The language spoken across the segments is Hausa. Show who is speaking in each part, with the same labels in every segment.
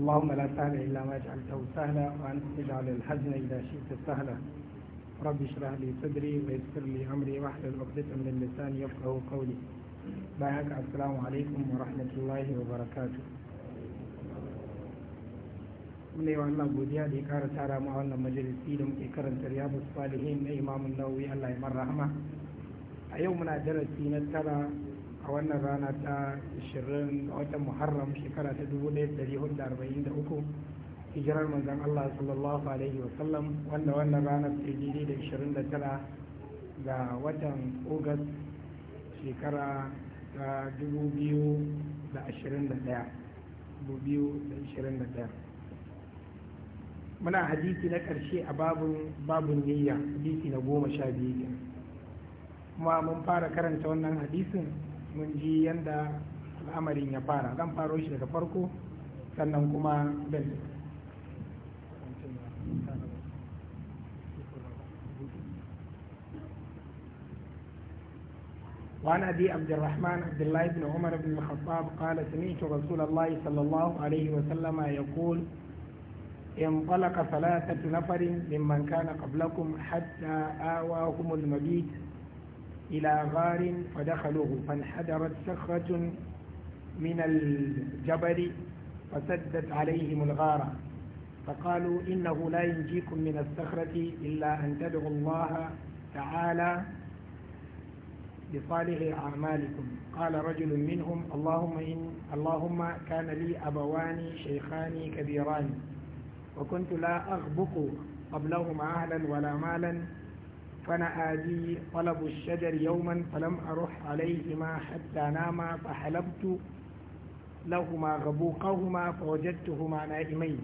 Speaker 1: اللهم لا سهل إلا ما جعلته سهلا وأنت تجعل الحزن إذا شئت سهلا رب اشرح لي صدري ويسر لي أمري واحلل عقدة من اللسان يفقه قولي بايعك السلام عليكم ورحمة الله وبركاته mune wa Allah godiya da ya kara tara mu a wannan majalisi da muke karanta riyadus salihin na Imam Nawawi Allah ya rahama a yau muna darasi na tara a wannan rana ta 20 watan muharram shekara ta 1443 hijirar manzan Allah sallallahu alaihi wasallam wanda wannan rana ta daidai da 29 ga watan ogas shekara ta 2021 muna hadisi na ƙarshe a babun babun niyya hadisi na goma sha biyu kuma mun fara karanta wannan hadisin mun ji yadda al'amarin ya fara zan faro shi daga farko sannan kuma bel وعن ابي عبد الرحمن عبد الله بن عمر بن الخطاب قال سمعت رسول الله صلى الله عليه وسلم يقول انطلق ثلاثه نفر ممن كان قبلكم حتى اواهم المبيت إلى غار فدخلوه فانحدرت صخرة من الجبل فسدت عليهم الغار فقالوا إنه لا ينجيكم من الصخرة إلا أن تدعوا الله تعالى بصالح أعمالكم قال رجل منهم اللهم إن اللهم كان لي أبوان شيخان كبيران وكنت لا أغبق قبلهما أهلا ولا مالا فنأى طلب الشجر يوما فلم أروح عليهما حتى ناما فحلبت لهما غبوقهما فوجدتهما نائمين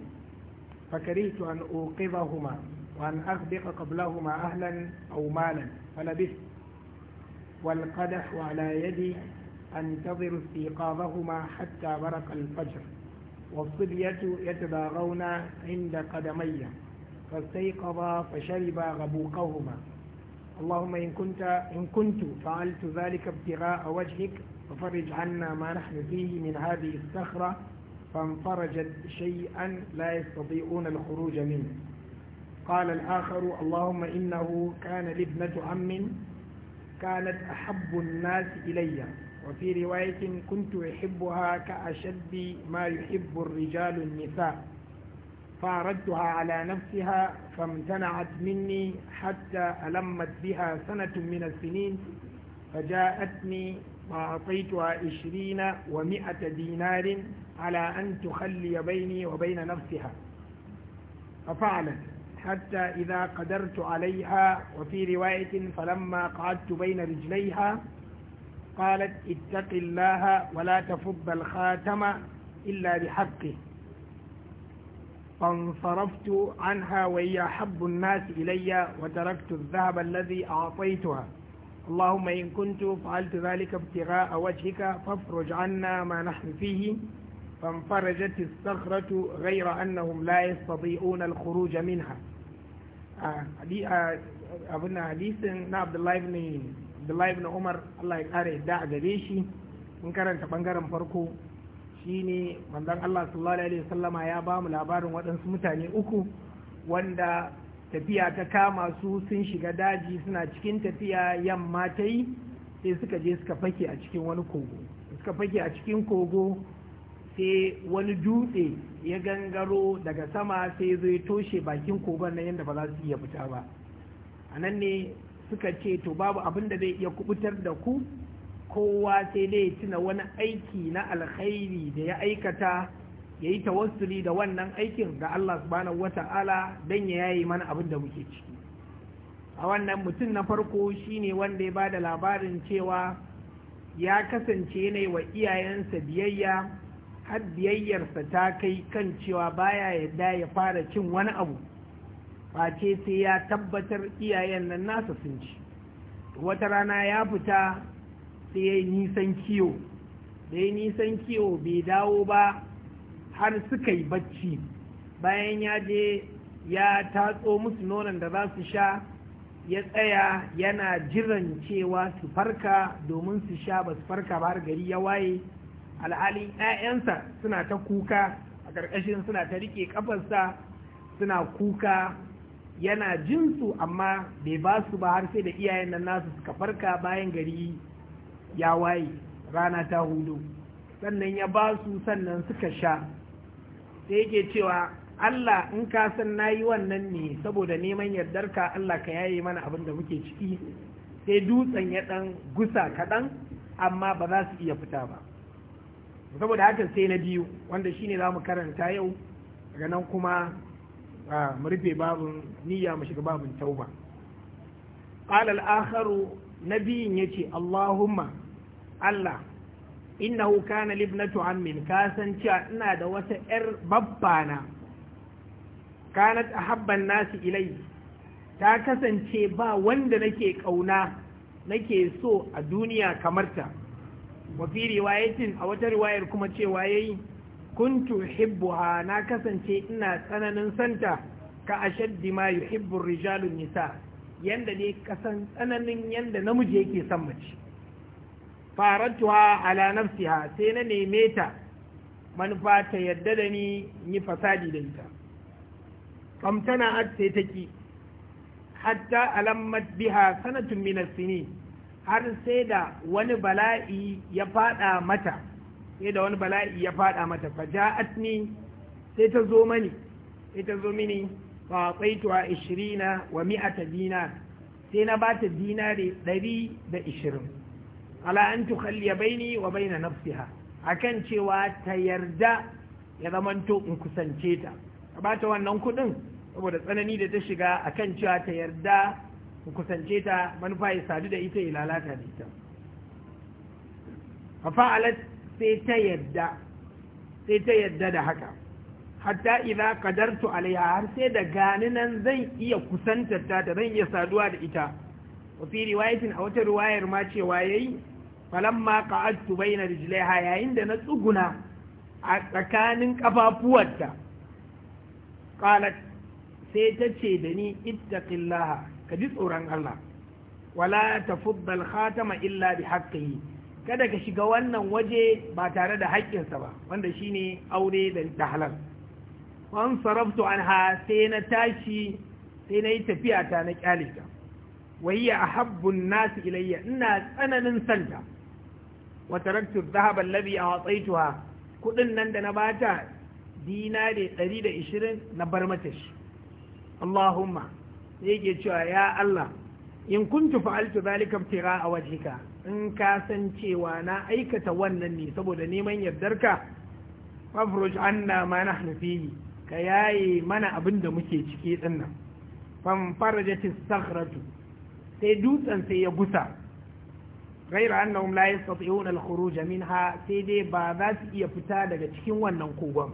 Speaker 1: فكرهت أن أوقظهما وأن أغبق قبلهما أهلا أو مالا فلبثت والقدح على يدي أنتظر استيقاظهما حتى برق الفجر والصبية يتباغون عند قدمي فاستيقظا فشربا غبوقهما اللهم إن كنت إن كنت فعلت ذلك ابتغاء وجهك ففرج عنا ما نحن فيه من هذه الصخرة فانفرجت شيئا لا يستطيعون الخروج منه قال الآخر اللهم إنه كان لابنة عم كانت أحب الناس إلي وفي رواية كنت أحبها كأشد ما يحب الرجال النساء فأردتها على نفسها فامتنعت مني حتى ألمت بها سنة من السنين فجاءتني فأعطيتها عشرين ومائة دينار على أن تخلي بيني وبين نفسها ففعلت حتى إذا قدرت عليها وفي رواية فلما قعدت بين رجليها قالت اتق الله ولا تفض الخاتم إلا بحقه فانصرفت عنها وهي حب الناس إلي وتركت الذهب الذي أعطيتها اللهم إن كنت فعلت ذلك ابتغاء وجهك فافرج عنا ما نحن فيه فانفرجت الصخرة غير أنهم لا يستطيعون الخروج منها abin hadisin na Abdullahi ibn Umar Allah ya kare da a gare shi in karanta bangaren farko shine manzon Allah sallallahu alaihi wasallama ya ba mu labarin waɗansu mutane uku wanda tafiya ta kama su sun shiga daji suna cikin tafiya yamma ta yi sai suka je suka fake a cikin wani kogo suka fake a cikin kogo sai wani dutse ya gangaro daga sama sai zo ya toshe bakin kogon na yadda ba za su iya fita ba a nan ne suka ce to babu abin da zai iya kubutar da ku kowa sai dai tuna wani aiki na alkhairi da ya aikata ya yi tawassuli da wannan aikin ga Allah subhanahu wata'ala don ya yayi mana abin da muke ciki a wannan mutum na farko shine wanda ya ba da labarin cewa ya kasance ne wa iyayensa biyayya har biyayyarsa ta kai kan cewa baya yadda ya fara cin wani abu face sai ya tabbatar iyayen nan nasa sun ci wata rana ya fita sai ya nisan kiwo da ya nisan kiwo bai dawo ba har suka yi bacci bayan ya je ya tatso musu nonon da za su sha ya tsaya yana jiran cewa su farka domin su sha ba su farka ba har gari ya waye alhali 'ya'yansa suna ta kuka a ƙarƙashin suna ta riƙe ƙafarsa suna kuka yana jinsu amma bai ba su ba har sai da iyayen nan nasu suka farka bayan gari ya waye rana ta hudu sannan ya ba su sannan suka sha sai yake cewa Allah in ka san na yi wannan ne saboda neman yardar ka Allah ka yaye mana abin da muke ciki sai dutsen ya dan gusa kaɗan amma ba za su iya fita ba saboda haka sai na biyu wanda shine za mu karanta yau daga nan kuma mu rufe babin niyya mu shiga babin tauba qala al-akharu nabiyin yace Allahumma Allah innahu kana libnatu ammin ka san cewa ina da wata yar babbana kanat habban nasi ilai ta kasance ba wanda nake kauna nake so a duniya kamar ta wa fi riwayatin a wata riwayar kuma cewa yayi kuntu hibbuha na kasance ina tsananin santa ka ashaddi ma yuhibbu rijalun nisa yanda ne kasan tsananin yanda namiji yake son mace farantuha ala nafsiha sai na neme ta manufa ta yadda da ni yi fasadi da ita famtana a sai ta ki hatta alammat biha sanatun minasini har sai da wani bala'i ya fada mata sai da wani bala'i ya fada mata fa ja'atni sai ta zo mani sai ta zo mini fa qaituha 20 wa mi'ata dinar sai na bata dinari 120 ala an tukhalliya baini wa baina nafsiha akan cewa ta yarda ya zamanto in kusance ta ka bata wannan kudin saboda tsanani da ta shiga akan cewa ta yarda in kusance ta manufa ya sadu da ita ya da ita fa fa'alat sai ta yarda sai ta yarda da haka hatta idza qadartu alaiha har sai da gani nan zan iya kusantar ta zan iya saduwa da ita wa fi riwayatin a wata riwayar ma cewa yayi falamma qa'adtu bayna rijlaiha yayin da na tsuguna a tsakanin kafafuwarta qalat sai ta ce da ni ittaqillaha ka ji tsoron Allah wala tafuddal khatama illa bi kada ka shiga wannan waje ba tare da haƙƙinsa ba wanda shine aure da halal wan sarabtu anha sai na tashi sai na yi tafiya ta na kyale ta a habbun nasu ilayya ina tsananin santa wa taraktu dhahaba alladhi a'taytuha kudin nan da na bata da ishirin na bar mata shi Allahumma sai yake cewa ya Allah in kun fa'altu dhalika ibtira a wajhika in ka san cewa na aikata wannan ne saboda neman yardar yardarka fafruj anna ma nahnu fihi ka yaye mana abin da muke ciki dinnan fan farajatis sakhratu sai dutsen sai ya gusa غَيْرَ أَنَّهُمْ لَا يَسْتَطِعُونَ الْخُرُوجَ مِنْهَا sai dai ba za su iya fita daga cikin wannan kogon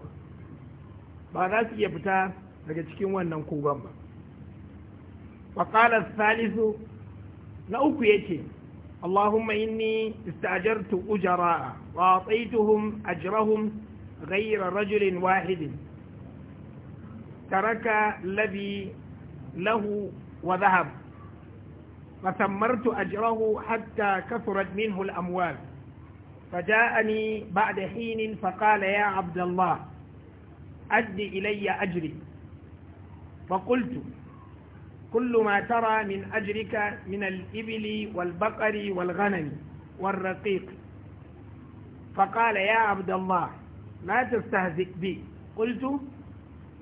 Speaker 1: ba ba za su iya fita daga cikin wannan kogon ba وقال الثالث na uku yake Allahumma inni istajartu ujara wa ataituhum ajrahum ghayra rajulin wahidin taraka labi lahu wa dhahab فثمرت أجره حتى كثرت منه الأموال فجاءني بعد حين فقال يا عبد الله أد إلي أجري فقلت كل ما ترى من أجرك من الإبل والبقر والغنم والرقيق فقال يا عبد الله لا تستهزئ بي قلت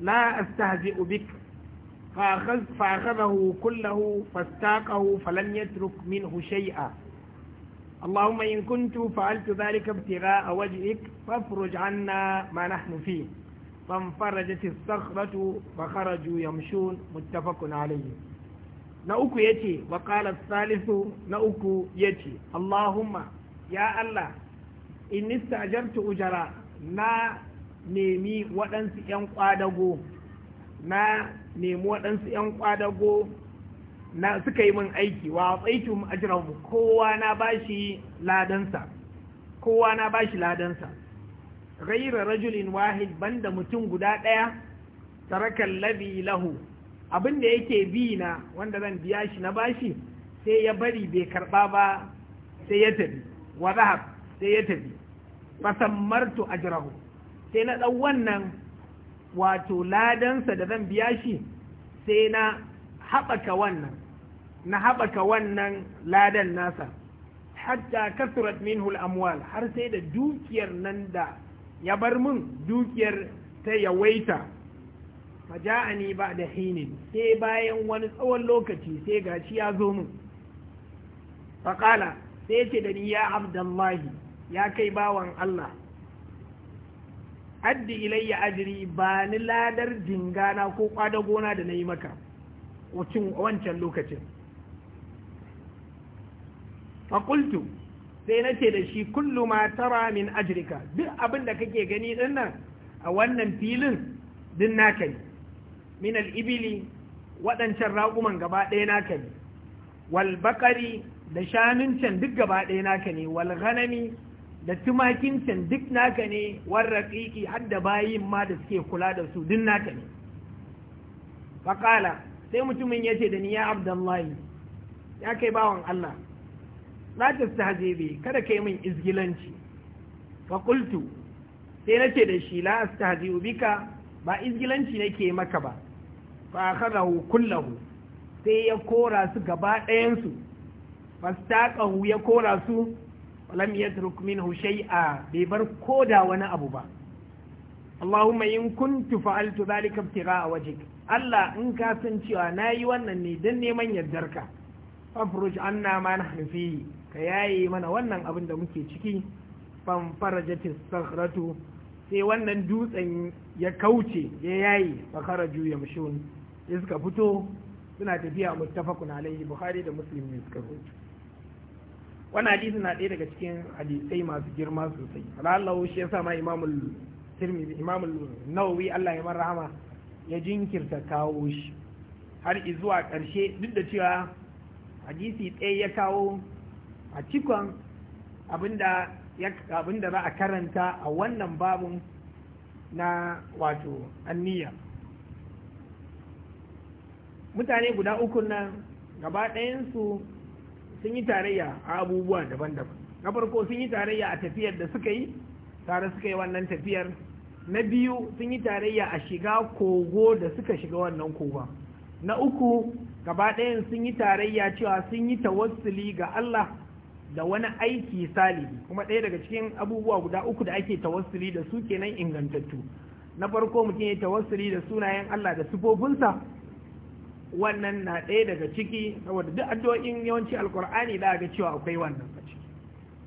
Speaker 1: لا أستهزئ بك فأخذه كله فاستاقه فلم يترك منه شيئا اللهم إن كنت فعلت ذلك ابتغاء وجهك فافرج عنا ما نحن فيه فانفرجت الصخرة فخرجوا يمشون متفق عليه نأك يتي وقال الثالث نأك يتي اللهم يا الله إن استأجرت أجراء na nemi waɗansu ‘yan ƙwadago na nemi waɗansu 'yan kwadago na suka yi min aiki wa tsaitu ajrahu kowa na bashi ladansa kowa na ba shi ladansa ghayra rajulin wahid banda mutum guda ɗaya. tarakan labi lahu abin da yake bi na wanda zan biya shi na bashi sai ya bari bai karɓa ba sai ya tafi wa zahab sai ya tafi fasammartu ajrahu sai na dan wannan wato ladansa da zan biya shi sai na haɓaka wannan na haɓaka wannan ladan nasa hatta kasurat minhul amwal har sai da dukiyar nan da ya bar mun dukiyar ta yawaita faja'ani ba da hinin sai bayan wani tsawon lokaci sai gashi ya zo min faƙala sai ce da ni ya Abdullahi ya kai bawan Allah addi ilayya ajiri ba ni ladar dingana ko kwada gona da na yi maka wancan lokacin faƙultu sai na ce da shi kullu ma tara min ajirka duk abin da kake gani din nan a wannan filin din naka ne min al'ibili waɗancan raƙuman gaba ɗaya naka ne wal da shanun can duk gaba ɗaya naka ne wal ghanami da tumakin duk naka ne ƙiƙi har da bayin ma da suke kula da su duk naka ne faƙala sai mutumin ya ce da ni ya abdullahi ya kai bawan Allah la tastahzibi kada kai min izgilanci fa qultu sai nace da shi la astahziu bika ba izgilanci nake maka ba fa akhadahu kullahu sai ya kora su gaba ɗayan su fastaqahu ya kora su lam yatruk haushai a bai bar da wani abu ba Allahumma in kuntu fa'altu dhalika a waje. Allah in ka san cewa nayi wannan ne dan neman yardarka fafruj anna ma nahnu fi ka yaye mana wannan abin da muke ciki fan farajatis sakhratu sai wannan dutsen ya kauce ya yayi fa kharaju yamshun iska fito suna tafiya muttafaqun alaihi bukhari da muslim ne suka rubuta wannan hadisi na ɗaya daga cikin hadisai masu girma sosai Allah shi yasa ma imamul tirmidhi imamul nawawi Allah ya marhama ya jinkirta kawo shi har zuwa ƙarshe duk da cewa hadisi ɗaya ya kawo a cikon abinda abinda za a karanta a wannan babun na wato anniya mutane guda uku nan gaba ɗayansu sun yi tarayya a abubuwa daban-daban na farko sun yi tarayya a tafiyar da suka yi tare suka yi wannan tafiyar na biyu sun yi tarayya a shiga kogo da suka shiga wannan kogon na uku gaba ɗayan sun yi tarayya cewa sun yi tawassuli ga Allah da wani aiki salibi kuma ɗaya daga cikin abubuwa guda uku da ake tawassuli da su kenan ingantattu na farko mutum ya tawassuli da sunayen Allah da sifofinsa wannan na ɗaya daga ciki saboda duk addu'o'in yawanci alkur'ani da ga cewa akwai wannan a ciki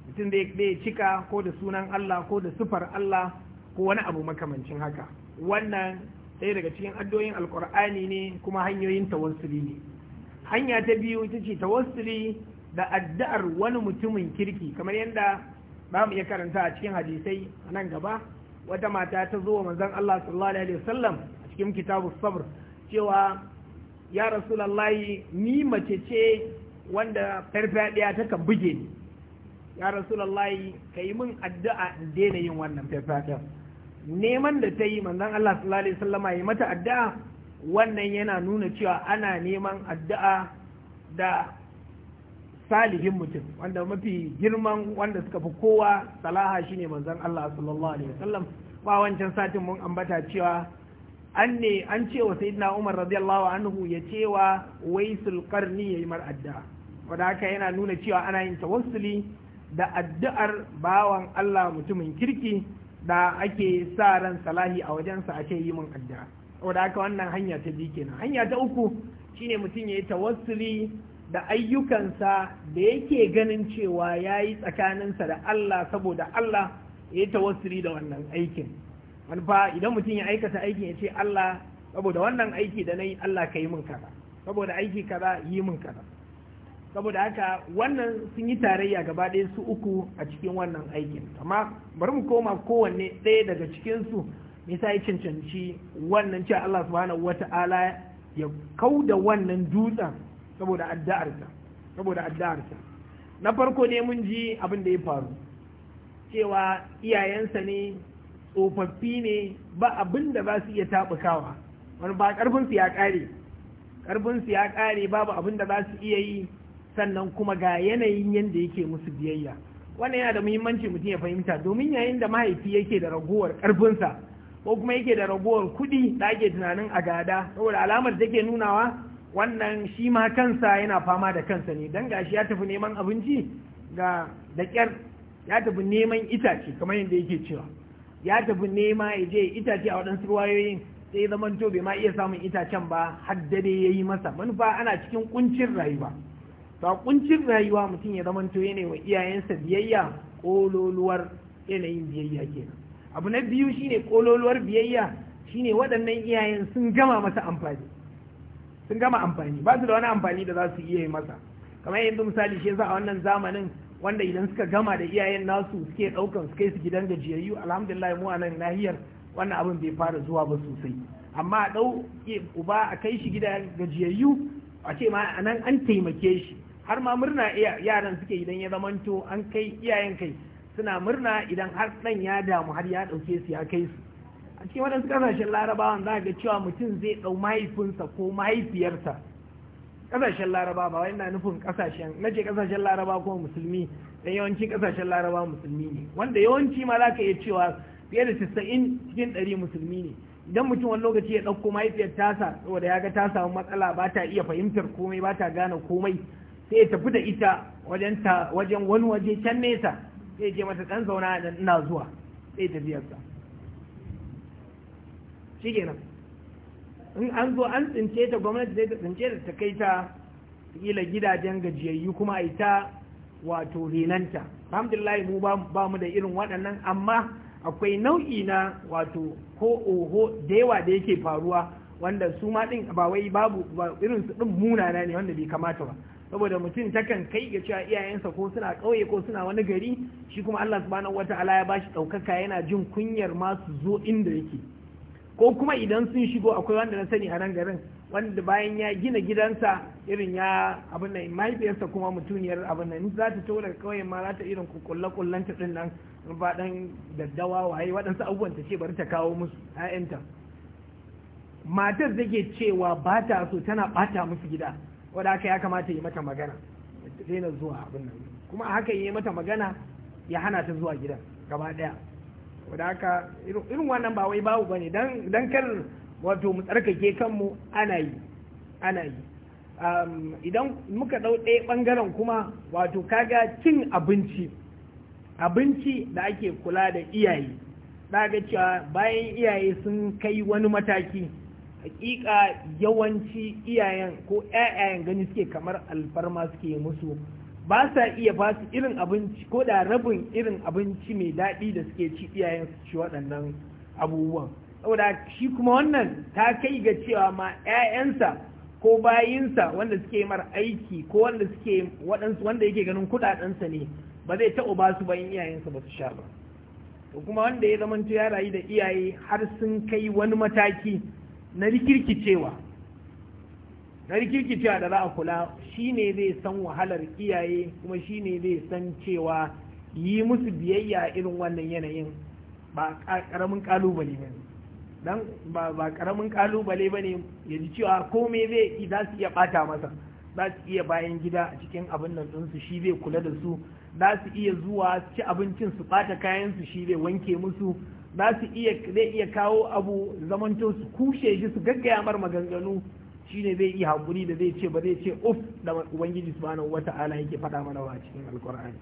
Speaker 1: mutum da ya cika ko da sunan Allah ko da sifar Allah ko wani abu makamancin haka wannan ɗaya daga cikin addu'o'in alkur'ani ne kuma hanyoyin tawassuli ne hanya ta biyu ita ce tawassuli da addu'ar wani mutumin kirki kamar yadda ba mu iya karanta a cikin hadisai a nan gaba wata mata ta zo wa manzon Allah sallallahu alaihi wasallam a cikin kitabu sabr cewa ya rasulallahi ni mace ce wanda farfadiya ta kan buge ni ya rasulallahi ka yi min addu'a in daina yin wannan farfadiya neman da ta yi manzon Allah sallallahu alaihi wasallama ya mata addu'a wannan yana nuna cewa ana neman addu'a da salihin mutum wanda mafi girman wanda suka fi kowa salaha shine manzon Allah sallallahu alaihi wasallam ba wancan satin mun ambata cewa an ne an ce wa sayyidina Umar radiyallahu anhu ya ce wa waisul qarni yayi mar wanda haka yana nuna cewa ana yin tawassuli da addu'ar bawan Allah mutumin kirki da ake sa ran salahi a wajensa a ce yi min addu'a wanda haka wannan hanya ta biyu kenan hanya ta uku shine mutum ya yi tawassuli da ayyukansa da yake ganin cewa ya yi tsakaninsa da Allah saboda Allah ya yi tawassuli da wannan aikin Manufa, idan mutum ya aikata aikin ya ce Allah saboda wannan aiki da na yi Allah ka yi min kaza saboda aiki kaza yi min kaza saboda haka wannan sun yi tarayya gaba ɗaya su uku a cikin wannan aikin amma bari mu koma kowanne ɗaya daga cikin su nisa ya cancanci wannan cewa Allah subhanahu wata'ala ya kauda wannan dutsen saboda addu'arsa saboda addu'arsa na farko ne mun ji abin da ya faru cewa iyayensa ne tsofaffi ne ba abin da ba su iya taɓukawa wani ba ƙarfinsu ya ƙare ƙarfinsu ya ƙare babu abin da za su iya yi sannan kuma ga yanayin yadda yake musu biyayya wannan yana da muhimmanci mutum ya fahimta domin yayin da mahaifi yake da ragowar ƙarfinsa ko kuma yake da ragowar kuɗi da ake tunanin a gada saboda alamar da take nunawa wannan shi ma kansa yana fama da kansa ne dan gashi ya tafi neman abinci ga da ƙyar ya tafi neman itace kamar yadda yake cewa ya tafi nema ya je itace a waɗansu ruwayoyin sai zaman to bai ma iya samun itacen ba har dare ya yi masa manufa ana cikin kuncin rayuwa ba kuncin rayuwa mutum ya zaman to wa iyayensa biyayya kololuwar yanayin biyayya kenan abu na biyu shine kololuwar biyayya shine waɗannan iyayen sun gama masa amfani sun gama amfani ba su da wani amfani da za su iya yi masa kamar yanzu misali shi yasa a wannan zamanin wanda idan suka gama da iyayen nasu suke ɗaukan su su gidan gajiyayyu alhamdulillah mu a nan nahiyar wannan abin bai fara zuwa ba sosai amma a ɗau uba a kai shi gidan gajiyayyu a ce ma a nan an taimake shi har ma murna yaran suke idan ya zamanto an kai iyayen kai suna murna idan har ɗan ya damu har ya ɗauke su ya kai su a cikin waɗansu kasashen larabawan za ga cewa mutum zai ɗau mahaifinsa ko mahaifiyarsa kasashen laraba ba wai ina nufin kasashen na ce kasashen laraba kuma musulmi dan yawancin kasashen laraba musulmi ne wanda yawanci ma za ka iya cewa fiye da 90 cikin 100 musulmi ne idan mutum wani lokaci ya ɗauko mahaifiyar tasa saboda ya ga ta samu matsala ba ta iya fahimtar komai ba ta gane komai sai ya tafi da ita wajen ta wajen wani waje can nesa sai ya mata dan zauna ina zuwa sai ta shi kenan in an zo an tsince ta gwamnati zai ta tsince da ta kai ta kila gidajen gajiyayyu kuma a yi ta wato renanta alhamdulillah mu ba mu da irin waɗannan amma akwai nau'i na wato ko oho da yawa da yake faruwa wanda su ma ɗin ba wai babu irin su ɗin munana ne wanda bai kamata ba saboda mutum takan kai ga cewa iyayensa ko suna ƙauye ko suna wani gari shi kuma Allah subhanahu wata'ala ya ba shi ɗaukaka yana jin kunyar masu zo inda yake ko kuma idan sun shigo akwai wanda na sani a nan garin wanda bayan ya gina gidansa irin ya abin nan mahaifiyarsa kuma mutuniyar abin nan za ta to daga kauyen ma za ta irin kulle kullen ta dinnan nan ba dan daddawa waye waɗansu abubuwan ta ce bari ta kawo musu 'ya'yanta. matar da cewa ba ta so tana bata musu gida wadda haka ya kamata yi mata magana ta daina zuwa abin nan kuma haka yi mata magana ya hana ta zuwa gidan gaba ɗaya wadda aka irin wannan ba wai babu bane dan dan kar wato mu tsarkake kanmu ana yi ana yi um, idan muka dau ɗaya bangaren kuma wato kaga cin abinci abinci da ake kula da iyaye daga cewa bayan iyaye sun kai wani mataki hakika yawanci iyayen ko ƴaƴayen gani suke kamar alfarma suke musu ba sa iya ba su irin abinci ko da rabin irin abinci mai daɗi da suke ci iyayen su ci waɗannan abubuwan saboda shi kuma wannan ta kai ga cewa ma 'ya'yansa ko bayinsa wanda suke mar aiki ko wanda suke waɗansu wanda yake ganin kuɗaɗensa ne ba zai taɓa ba su bayan iyayensa ba su sha ba to kuma wanda ya zamanto ya rayu da iyaye har sun kai wani mataki na rikirkicewa sarki kiciya da za a kula ne zai san wahalar iyaye kuma shi ne zai san cewa yi musu biyayya irin wannan yanayin ba karamin kalubale ba don ba karamin kalubale ba ne ya ji cewa komai zai za su iya bata masa za su iya bayan gida a cikin abin nan ɗinsu shi zai kula da su za su iya zuwa ci abincin su bata kayan su shi zai wanke musu za su iya kawo abu zamanto su kushe shi su gaggaya mar maganganu shine zai yi hakuri da zai ce ba zai ce uf da ubangiji subhanahu wata'ala yake faɗa mana wa cikin alkur'ani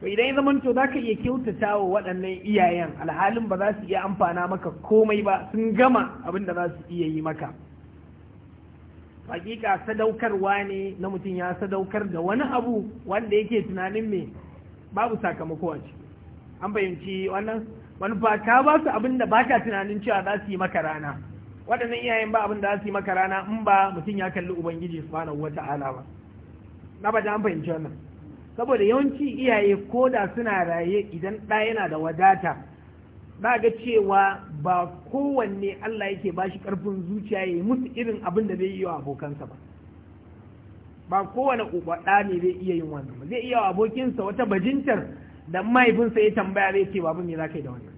Speaker 1: to idan ya zamanto za ka iya kyautata wa waɗannan iyayen alhalin ba za su iya amfana maka komai ba sun gama abin da za su iya yi maka hakika sadaukarwa ne na mutum ya sadaukar da wani abu wanda yake tunanin me babu sakamako a ciki an fahimci wannan manufa ka ba su abin da baka tunanin cewa za su yi maka rana waɗannan iyayen ba abin da za su yi maka rana in ba mutum ya kalli ubangiji subhanahu ta'ala ba na ba an fahimci wannan saboda yawanci iyaye ko da suna raye idan ɗa yana da wadata ba ga cewa ba kowanne Allah yake ba shi ƙarfin zuciya ya yi musu irin abin da zai yi wa abokansa ba ba kowane uba ɗa ne zai iya yin wannan ba zai iya wa abokinsa wata bajintar da mahaifinsa ya tambaya zai ce babu me za ka yi da wannan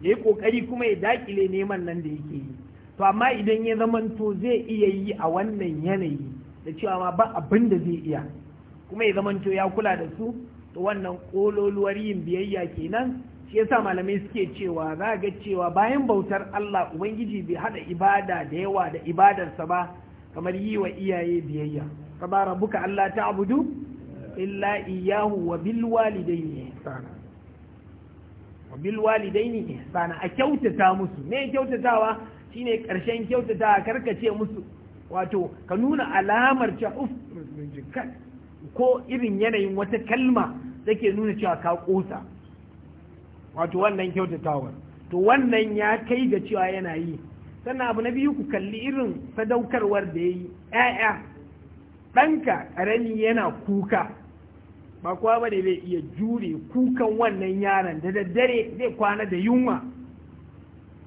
Speaker 1: ya yi ƙoƙari kuma ya daƙile neman nan da yake yi to amma idan ya zamanto zai iya yi a wannan yanayi da cewa ma ba abin da zai iya kuma ya zamanto ya kula da su to wannan kololuwar yin biyayya kenan shi yasa malamai suke cewa za ga cewa bayan bautar Allah ubangiji bai hada ibada da yawa da ibadarsa ba kamar yi wa iyaye biyayya kama Allah ta'budu illa iyahu wa bil walidayni ihsana wa bil walidayni ihsana a kyautata musu me kyautatawa shine karshen kyautata karkace musu wato ka nuna alamar ta uf ko irin yanayin wata kalma take nuna cewa ka kosa wato wannan kyautatawar to wannan ya kai ga cewa yana yi sannan abu na biyu ku kalli irin sadaukarwar da ya yi ‘ya'ya ɗanka ƙarami yana kuka ba kuwa ba ne zai iya jure kukan wannan yaron da daddare zai kwana da yunwa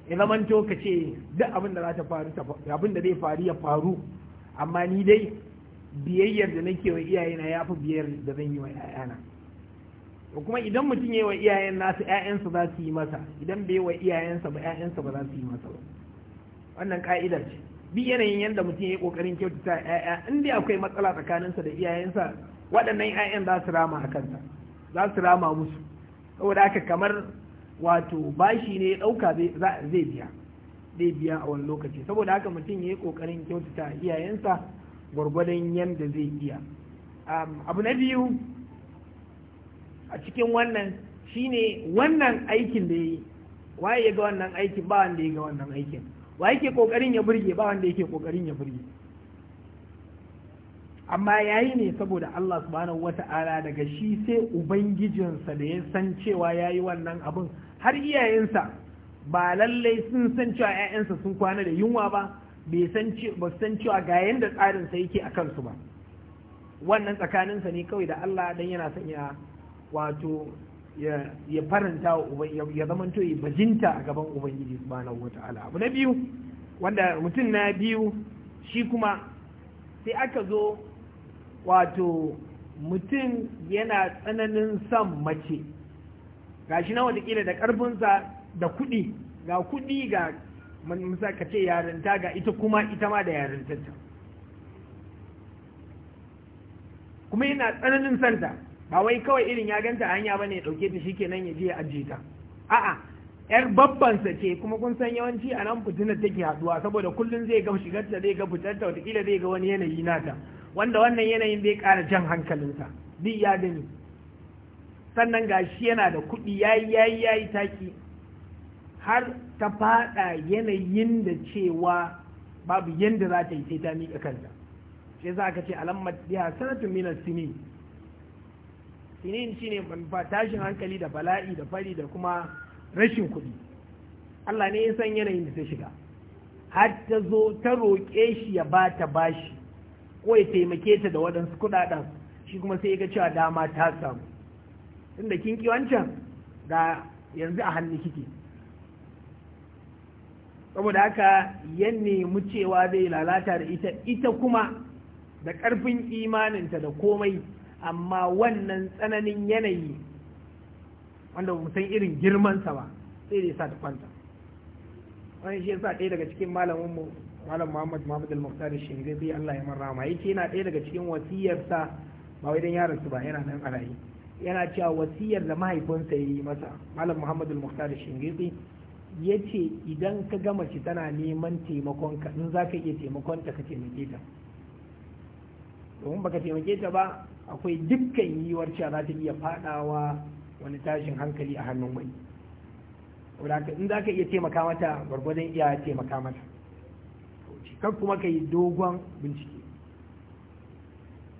Speaker 1: ya to ka ce duk abin da za ta faru abin da zai faru ya faru amma ni dai biyayyar da nake wa iyayena ya fi biyayyar da zan yi wa 'ya'yana to kuma idan mutum ya yi wa iyayen nasu 'ya'yansa za su yi masa idan bai wa iyayensa ba 'ya'yansa ba za su yi masa ba wannan ka'idar ce bi yanayin yadda mutum ya yi kokarin kyautata 'ya'ya in dai akwai matsala tsakaninsa da iyayensa waɗannan 'ya'yan za su rama a kansa za su rama musu saboda haka kamar wato bashi ne ya ɗauka zai biya zai biya a wani lokaci saboda haka mutum ya yi ƙoƙarin kyautata iyayensa gwargwadon yadda zai iya abu na biyu a cikin wannan shine wannan aikin da ya yi waye ya ga wannan aikin ba wanda ya ga wannan aikin wa ke ƙoƙarin ya burge ba wanda yake ƙoƙarin ya burge amma ya yi ne saboda Allah subhanahu wa ta'ala daga shi sai ubangijinsa da ya san cewa ya yi wannan abin har iyayensa ba lallai sun san cewa 'ya'yansa sun kwana da yunwa ba bai san cewa ga yadda tsarinsa yake a kansu ba wannan tsakaninsa ne kawai da Allah dan yana son ya wato ya faranta ya zamanto ya bajinta a gaban ubangiji subhanahu wata'ala abu na biyu wanda mutum na biyu shi kuma sai aka zo wato mutum yana tsananin son mace Ga shi na watakila da karfinsa da kuɗi ga kuɗi ga musa ka ce yarinta ga ita kuma ita ma da yarintarta kuma yana tsananin santa ba wai kawai irin ya ganta a hanya ba ya ɗauke ta kenan ya je ya ajiye ta a'a yar babbansa ce kuma kun san yawanci a nan fitina take haduwa saboda kullum zai ga ta zai ga fitarta watakila zai ga wani yanayi nata wanda wannan yanayin zai ƙara jan hankalinsa duk ya gani sannan gashi yana da kuɗi yayi yayi yayi taki har ta faɗa yanayin da cewa babu yadda za ta yi sai ta miƙa kanta sai za ka ce alamma biha sanatun minas sinin sinin shine tashin hankali da bala'i da fari da kuma rashin kuɗi Allah ne ya san yanayin da ta shiga har ta zo ta roƙe shi ya ba ta bashi ko ya taimake ta da waɗansu kuɗaɗen shi kuma sai ya ga cewa dama ta samu tunda kin ki wancan ga yanzu a hannu kike saboda haka ya nemi cewa zai lalata da ita ita kuma da ƙarfin imaninta da komai amma wannan tsananin yanayi wanda ba san irin girmansa ba sai da sa ta kwanta wani shi yasa ɗaya daga cikin malaminmu malam muhammad muhammad al-muqtar shingazi allah ya marrama yake yana ɗaya daga cikin wasiyarsa ba wai dan yaron su ba yana nan alayi yana cewa wasiyar da mahaifinsa ya yi masa malam muhammadu muhtar shingitsi ya ce idan ka gama ci tana neman taimakon ka in za ka iya taimakon ta ka taimake ta domin baka taimake ta ba akwai dukkan yiwuwar cewa za ta iya fadawa wani tashin hankali a hannun wani in za ka iya taimaka mata gwargwadon iya taimaka mata kan kuma ka yi dogon bincike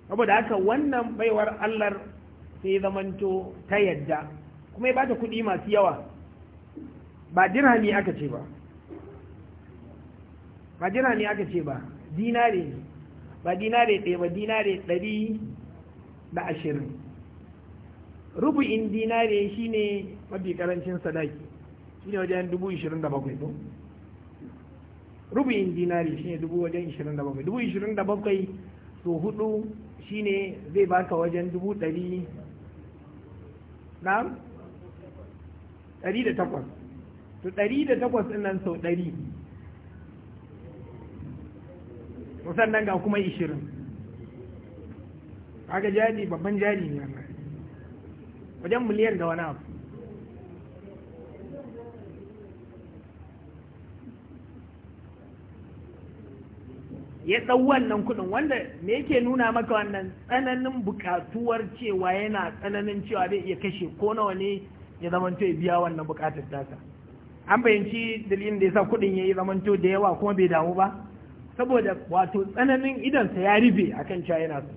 Speaker 1: saboda haka wannan baiwar allar sai zamanto ta yadda kuma ya bata kuɗi masu yawa ba dirhami aka ce ba ba dirhami aka ce ba dinare ba dinare ɗaya ba dinare ɗari da ashirin rubu'in dinare shine mafi karancin sadaki shine wajen dubu ishirin da bakwai ko rubu'in shi shine dubu wajen ishirin da bakwai dubu ishirin da bakwai to hudu shine zai baka wajen dubu ɗari na'am 108 to 108 din nan sau 100 nan ga kuma 20 kaga jari babban jari ne wajen miliyar da wani abu ya ɗau wannan kuɗin wanda me yake nuna maka wannan tsananin bukatuwar cewa yana tsananin cewa zai iya kashe ko nawa ne ya zamanto ya biya wannan bukatar tasa an bayyanci dalilin da yasa kuɗin ya yi zamanto da yawa kuma bai damu ba saboda wato tsananin idansa ya rufe akan cewa yana so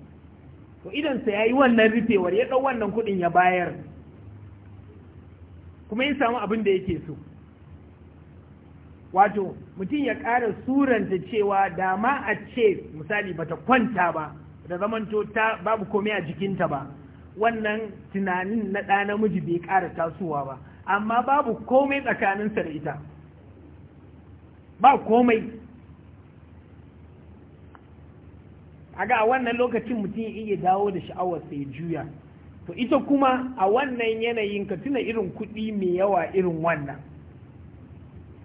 Speaker 1: to idansa ya yi wannan rufewar ya ɗau wannan kuɗin ya bayar kuma ya samu abin da yake so wato mutum ya ƙara suranta cewa dama a ce misali bata kwanta ba da zamanto ta babu komai a jikinta ba wannan tunanin na ɗa namiji bai ƙara tasowa ba amma babu komai tsakaninsa da ita ba komai a ga wannan lokacin mutum iya dawo da sha'awar sai juya to ita kuma a wannan yanayin ka tuna irin kuɗi mai yawa irin wannan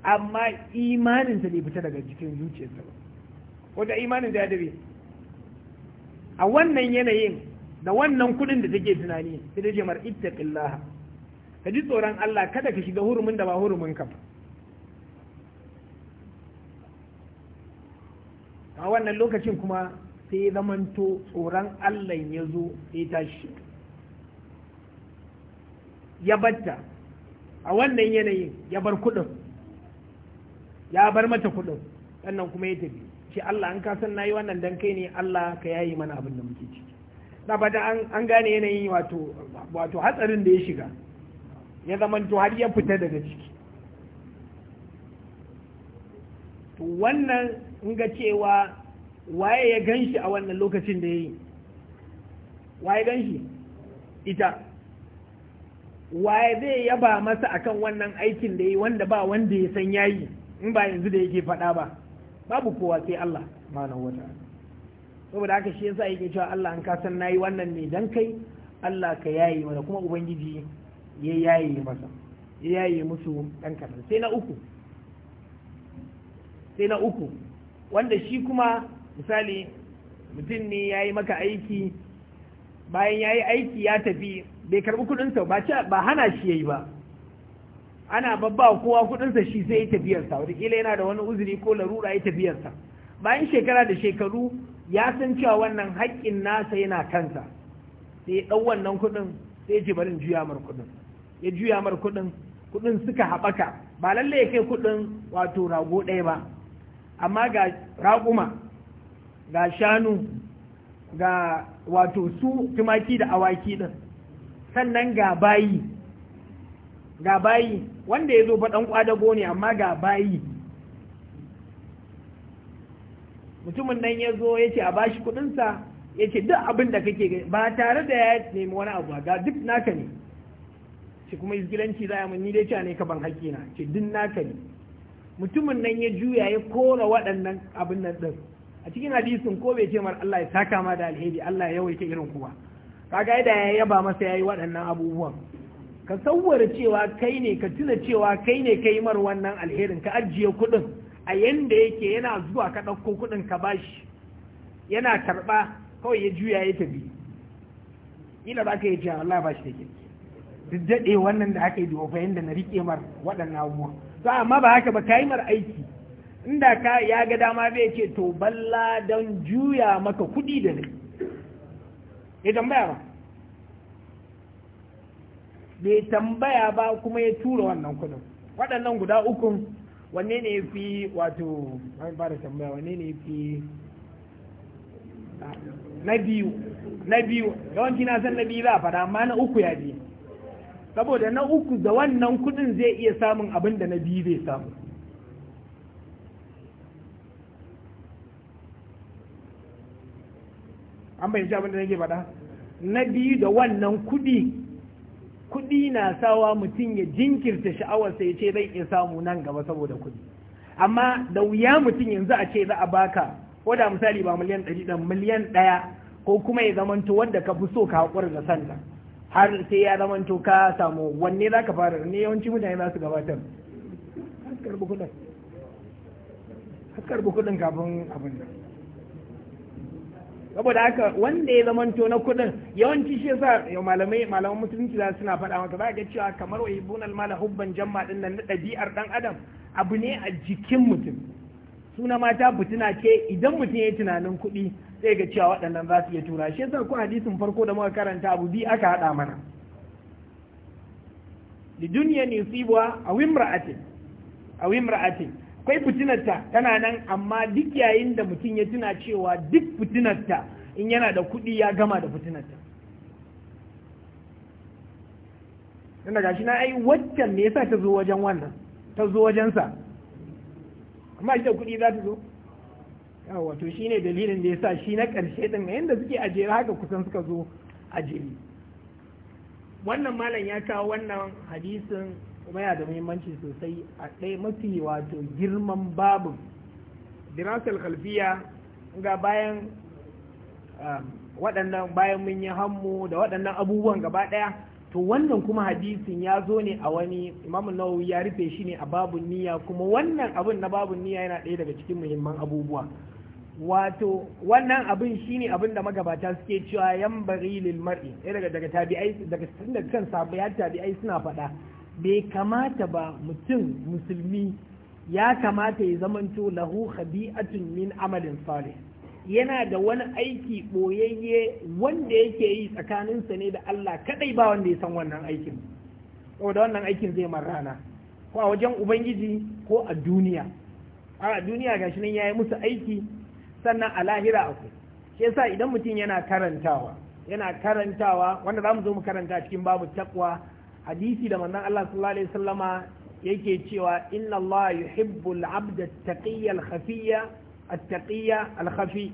Speaker 1: amma imaninsa bai fita daga cikin zuciyarsa ba wata imanin da ya dabe a wannan yanayin da wannan kudin da take tunani sai da jamar ittaqillah ka ji tsoron Allah kada ka shiga hurumin da ba hurumin ka a wannan lokacin kuma sai zamanto tsoron Allah ya zo sai tashi ya batta a wannan yanayin ya bar kudin ya bar mata kuɗin sannan kuma ya tafi shi Allah an kasan na yi wannan dan kai ne Allah ka yayi mana abin da muke ciki ba bada an gane yanayin wato wato hatsarin da ya shiga ya zamanto har ya fita daga ciki to wannan in ga cewa waye ya ganshi a wannan lokacin da ya yi waye ganshi ita waye zai yaba masa akan wannan aikin da ya yi wanda ba wanda ya san yayi in ba yanzu da yake faɗa ba babu kowa sai Allah subhanahu wa saboda haka shi yasa yake cewa Allah an ka san nayi wannan ne dan kai Allah ka yayi mana kuma ubangiji ya yayi masa ya yayi musu dan kadan sai na uku sai na uku wanda shi kuma misali mutum ne ya yi maka aiki bayan ya yi aiki ya tafi bai karɓi kuɗinsa ba hana shi ya yi ba ana babba kowa kudinsa shi sai ya tafiyarsa kila yana da wani uzuri ko larura ya tafiyarsa bayan shekara da shekaru ya san cewa wannan haƙƙin nasa yana kansa sai ya ɗau wannan kuɗin sai ya ji barin juya mar kuɗin ya juya mar kuɗin kuɗin suka haɓaka ba lallai ya kai kuɗin wato rago ɗaya ba amma ga raƙuma ga shanu ga wato su tumaki da awaki ɗin sannan ga bayi ga bayi wanda ya zo fa dan kwadago ne amma ga bayi mutumin nan ya zo ya ce a bashi kudinsa ya ce duk abin da kake ba tare da ya nemi wani abu ga duk naka ne ce kuma izgilanci za a mun ni dai cewa ne ka ban na ce duk naka ne mutumin nan ya juya ya kora waɗannan abin nan ɗin a cikin hadisin ko bai ce mar Allah ya saka ma da alheri Allah ya yawaita irin kuwa kaga yadda ya yaba masa yayi waɗannan abubuwan ka sauwara cewa kai ne ka tuna cewa kai ne ka yi mar wannan alherin ka ajiye kuɗin a yanda yake yana zuwa ka ɗauko kuɗin ka bashi yana karɓa kawai ya juya ya tafi Ina ba ka yi cewa Allah ba shi take duk daɗe wannan da aka yi dofa yanda na riƙe mar waɗannan abubuwa to amma ba haka ba ka yi mar aiki inda ka ya ga dama bai ce to balla don juya maka kuɗi da ni. idan ba bai tambaya ba kuma ya tura wannan kudin waɗannan guda ukun wanne ne fi wato an ba da tambaya wanne ne fi ah, na biyu na biyu yawanci na san na biyu za a amma na uku ya biyu saboda na uku da wannan kudin zai iya samun abin da na biyu zai samu an bayyance abin da nake faɗa na biyu da wannan kudi kuɗi na sawa mutum ya jinkirta sha'awarsa ya ce zai iya samu nan gaba saboda kuɗi amma da wuya mutum yanzu a ce za a baka ko da misali ba miliyan ɗari ɗan miliyan ɗaya ko kuma ya zamanto wanda ka fi so ka haƙura da sanda har sai ya zamanto ka samu wanne za ka fara ne yawanci mutane za su gabatar karɓi kuɗin kafin abin nan saboda haka wanda ya zamanto na kuɗin yawanci shi yasa malamai malaman musulunci za suna faɗa maka za ga cewa kamar wa bunal al hubban jamma din nan na ɗabi'ar dan adam abu ne a jikin mutum suna mata fitina ce idan mutum ya tunanin kuɗi sai ga cewa waɗannan za su iya tura shi yasa ko hadisin farko da muka karanta abu bi aka haɗa mana li duniya ne sibuwa a wimra'atin a wimra'atin akwai fitinarta tana nan amma duk yayin da mutum ya tuna cewa duk fitinarta in yana da kuɗi ya gama da fitinarta tun daga shi na ai waccan me yasa ta zo wajen wannan ta zo wajensa amma ita kuɗi za ta zo yawa to shi ne dalilin da yasa shi na ƙarshe ɗin yadda suke ajiyar haka kusan suka zo ajiyar wannan malam ya kawo wannan hadisin kuma yana da muhimmanci sosai a ɗaya mafi wato girman babu dirasal kalfiya ga bayan um, waɗannan bayan mun yi hammu da waɗannan abubuwan gaba ɗaya to wannan kuma hadisin ya zo ne a wani imamu nawawi ya rufe shi ne a babun niyya kuma wannan abin na babun niyya yana ɗaya daga cikin muhimman abubuwa wato wannan abin shine abin da magabata suke cewa yan bari lil mar'i daga daga tabi'ai daga kan tabi'ai suna faɗa bai kamata ba mutum musulmi ya kamata ya zamanto lahu khabi'atun min amalin salih yana da wani aiki boyayye wanda yake yi tsakaninsa ne da Allah kadai ba wanda ya san wannan aikin saboda wannan aikin zai rana. ko a wajen ubangiji ko a duniya a duniya gashi nan yayi musu aiki sannan a lahira akwai shi yasa idan mutum yana karantawa yana karantawa wanda za mu zo mu karanta cikin babu takwa hadisi da manzon Allah sallallahu alaihi wasallama yake cewa inna Allah yuhibbu al-abda at-taqiyya al at al-khafi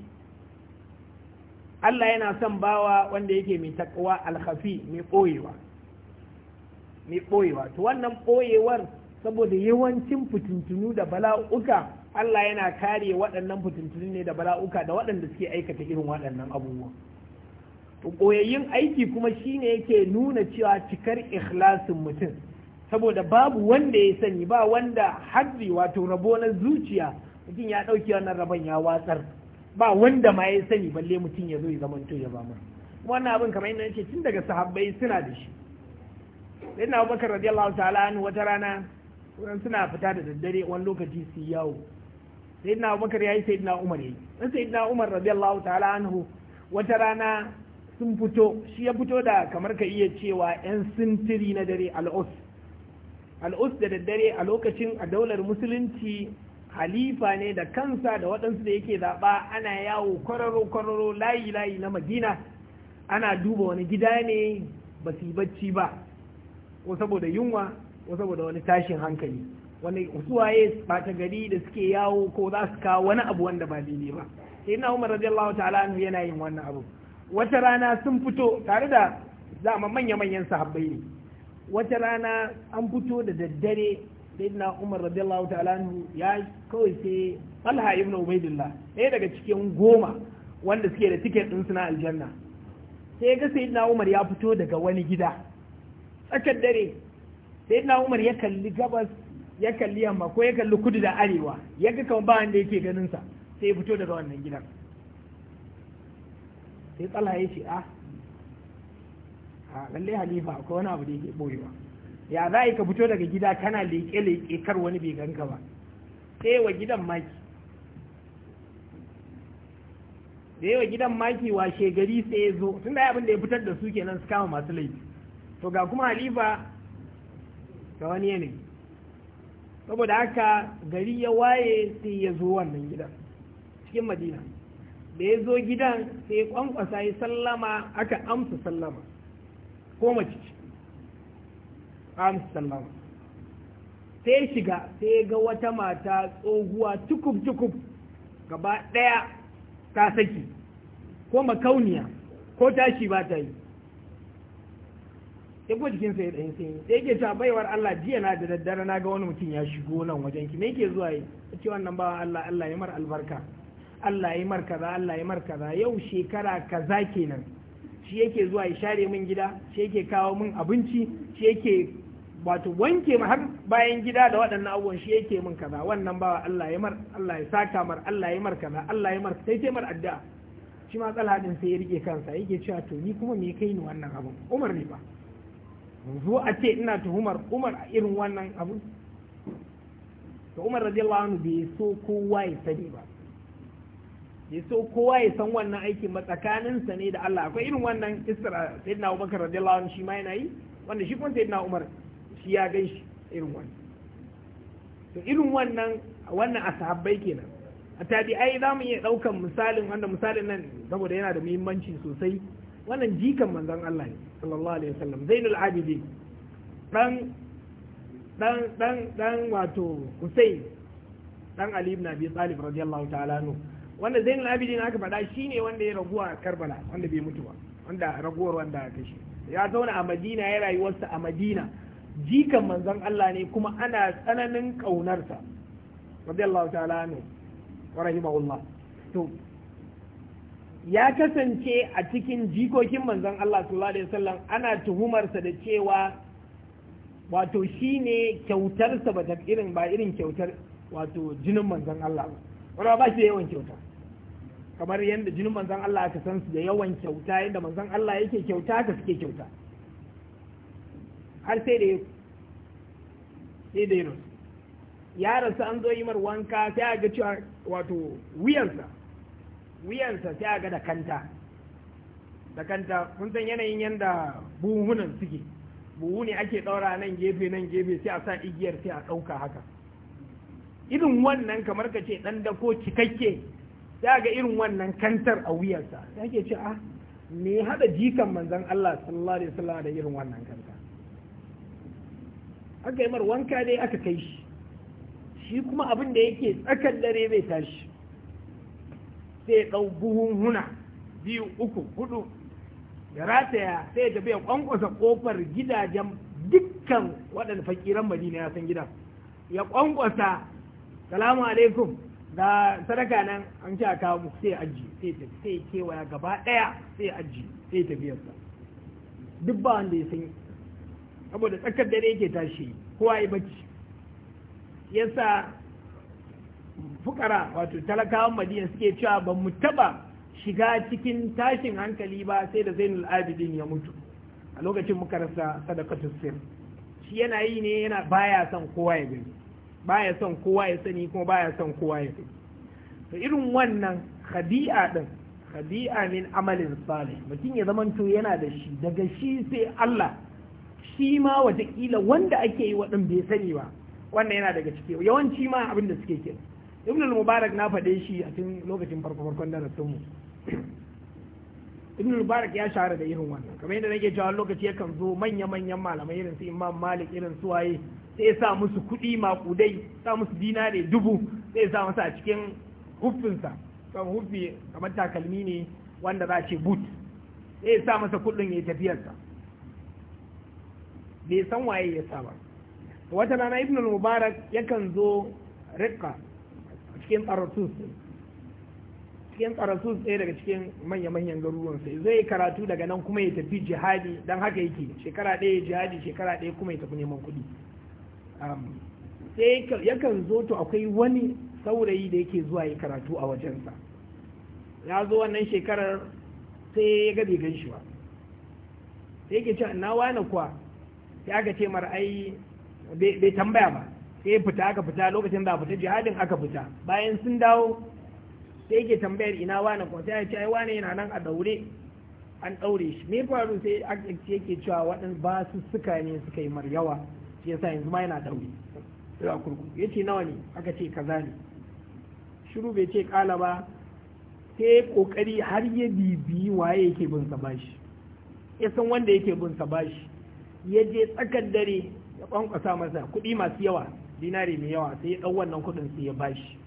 Speaker 1: Allah yana son bawa wanda yake mai takwa al-khafi mai boyewa mai boyewa to wannan boyewar saboda yawancin fitintunu da bala'uka Allah yana kare waɗannan fitintunu ne da bala'uka da waɗanda suke aikata irin waɗannan abubuwa ɓoyayyun aiki kuma shine yake nuna cewa cikar ikhlasin mutum saboda babu wanda ya sani ba wanda hazi wato rabo na zuciya mutum ya ɗauki wannan rabon ya watsar ba wanda ma ya sani balle mutum ya zo ya zama ya ba mu wannan abin kamar yadda yake tun daga sahabbai suna da shi sai na Abubakar radiyallahu ta'ala anhu wata rana wurin suna fita da daddare wani lokaci su yawo sai na Abubakar yayi sai na Umar yayi sai na Umar radiyallahu ta'ala anhu wata rana sun fito shi ya fito da kamar ka iya cewa 'yan sintiri na dare al'us al'us da daddare a lokacin a daular musulunci halifa ne da kansa da waɗansu da yake zaɓa ana yawo kwararo-kwararo layi-layi na madina ana duba wani gida ne ba su yi bacci ba ko saboda yunwa ko saboda wani tashin hankali wani suwaye ɓata gari da suke yawo ko za su kawo wani abu wanda ba daidai ba sai na umar radiyallahu ta'ala yana yin wannan abu wata rana sun fito tare da zama manya-manyan sahabbai ne wata rana an fito da daddare sayyidina umar radiyallahu ta'ala ya kawai sai talha ibn ubaidillah ɗaya daga cikin goma wanda suke da tiket ɗin suna aljanna sai ga sayyidina umar ya fito daga wani gida tsakar dare sayyidina umar ya kalli gabas ya kalli yamma ko ya kalli kudu da arewa ya ga kan ba wanda yake ganin sa sai ya fito daga wannan gidan sai tsala ya ce ah, a lalle halifa akwai wani abu da yake boyewa ya za ka fito daga gida kana leƙe-leƙe kar wani bai ganka ba sai wa gidan maki da yawa gidan maki washe gari sai ya zo tun da abin da ya fitar da su kenan su kama masu laifi to ga kuma halifa ga wani yanayi saboda haka gari ya waye sai ya zo wannan gidan cikin madina da ya zo gidan sai ya kwankwasa ya sallama aka amsa sallama ko mace amsa sallama sai shiga sai ga wata mata tsohuwa tukub-tukub gaba ɗaya ta saki ko makauniya ko tashi ba ta yi sai ko jikinsa ya ɗanyi sanyi sai ke ta baiwar Allah jiya na da daddare na ga wani mutum ya shigo nan wajen ki me ke zuwa yi ce wannan wa Allah Allah ya mara albarka Allah ya mar kaza Allah ya mar kaza yau shekara kaza kenan shi yake zuwa ya share min gida shi yake kawo min abinci shi yake wato wanke har bayan gida da waɗannan abubuwan shi yake min kaza wannan bawa Allah ya mar Allah ya saka mar Allah ya mar kaza Allah ya mar sai sai mar addu'a shi ma tsala din sai ya rike kansa yake cewa to ni kuma me kai ni wannan abu Umar ne ba zo a ce ina tuhumar Umar a irin wannan abu to Umar radiyallahu anhu bai so kowa ya sani ba ya so kowa ya san wannan aikin matsakaninsa ne da Allah akwai irin wannan sai na Abubakar radiyallahu anhu shi ma yana yi wanda shi kuma na Umar shi ya gan shi irin wannan to irin wannan wannan asahabbai kenan a tabi'ai za mu iya ɗaukan misalin wanda misalin nan saboda yana da muhimmanci sosai wannan jikan manzon Allah ne sallallahu alaihi wasallam Zainul Abidin dan dan dan dan wato Hussein dan Ali ibn Abi Talib radiyallahu ta'ala anhu wanda zainul abidin aka faɗa ne wanda ya raguwa a karbala wanda bai mutu ba wanda raguwar wanda ya kashe ya zauna a madina ya rayuwarsa a madina jikan manzon Allah ne kuma ana tsananin ƙaunarsa radiyallahu ta'ala ne wa rahimahullah to ya kasance a cikin jikokin manzon Allah sallallahu alaihi wasallam ana tuhumarsa da cewa wato shine kyautarsa ba irin ba irin kyautar wato jinin manzon Allah ba
Speaker 2: wanda ba shi yawan
Speaker 1: kyauta kamar yadda jinin manzan Allah aka san su da yawan kyauta yadda manzan Allah yake kyauta ka suke kyauta har sai da sai da rasu ya rasu an zo yi marwanka sai sai ga cewa wato wuyansa wuyansa sai ga da kanta da kanta kun san yanayin yadda buhunan suke buhu ne ake ɗaura nan gefe nan gefe sai a sa igiyar sai a ɗauka haka irin wannan kamar ka ce ɗan da ko cikakke ya ga irin wannan kantar a wuyarsa ya ke ce ah me hada jikan manzon Allah sallallahu alaihi wasallam da irin wannan kanta aka yi mar wanka dai aka kai shi shi kuma abin da yake tsakar dare bai tashi sai ɗau buhun huna biyu uku hudu ya rataya sai ya tafi ya kwankwasa kofar gidajen dukkan waɗanda fakiran madina ya san gidan ya kwankwasa salamu alaikum da sadaka nan an ce a kawo sai aji sai kewaya gaba daya sai aji sai tafiyarsa duk ba wanda ya san saboda tsakar dare yake tashi kowa ya bacci yasa fukara wato talakawan madina suke cewa ba mu taba shiga cikin tashin hankali ba sai da zainul abidin ya mutu a lokacin muka rasa sadakatus sir shi yana yi ne yana baya son kowa ya gani baya son kowa ya sani kuma baya son kowa ya sani to irin wannan khadi'a din khadi'a min amalin salih mutum ya to yana da shi daga shi sai Allah shi ma watakila wanda ake yi waɗin bai sani ba wannan yana daga ciki yawanci ma abin da suke kira ibn al-mubarak na faɗe shi a cikin lokacin farko farkon darasin mu ibn al-mubarak ya shahara da irin wannan kamar yadda nake cewa lokaci yakan zo manya manyan malamai irin su imam malik irin su waye sai sa musu kuɗi maƙudai sa musu dinare dubu sai sa musu a cikin hufinsa kan hufi kamar takalmi ne wanda za ce boot sai sa masa kuɗin ya tafiyarsa bai san waye ya sa ba wata rana ibn mubarak yakan zo rikka cikin cikin tsarasus ɗaya daga cikin manya-manyan garuruwan sai zai karatu daga nan kuma ya tafi jihadi don haka yake shekara ɗaya jihadi shekara ɗaya kuma ya tafi neman kuɗi sai yakan zo to akwai wani saurayi da yake zuwa yi karatu a wajensa ya zo wannan shekarar sai ya ga bai ganshi ba sai yake cewa na wani kuwa sai aka ce mara ai bai tambaya ba sai fita aka fita lokacin da fita jihadin aka fita bayan sun dawo sai yake tambayar ina wani kuwa sai ya ce ai wani yana nan a daure an daure shi me faru sai yake cewa waɗansu ba su suka ne suka yi mar yawa shi yasa yanzu ma yana daure ya kurkuku yace nawa ne aka ce kaza ne shiru bai ce kala ba sai kokari har ya bibiyi waye yake bin sa bashi ya san wanda yake bin sa bashi ya je tsakar dare ya kwankwasa masa kuɗi masu yawa dinari mai yawa sai ya ɗau wannan kuɗin sai ya bashi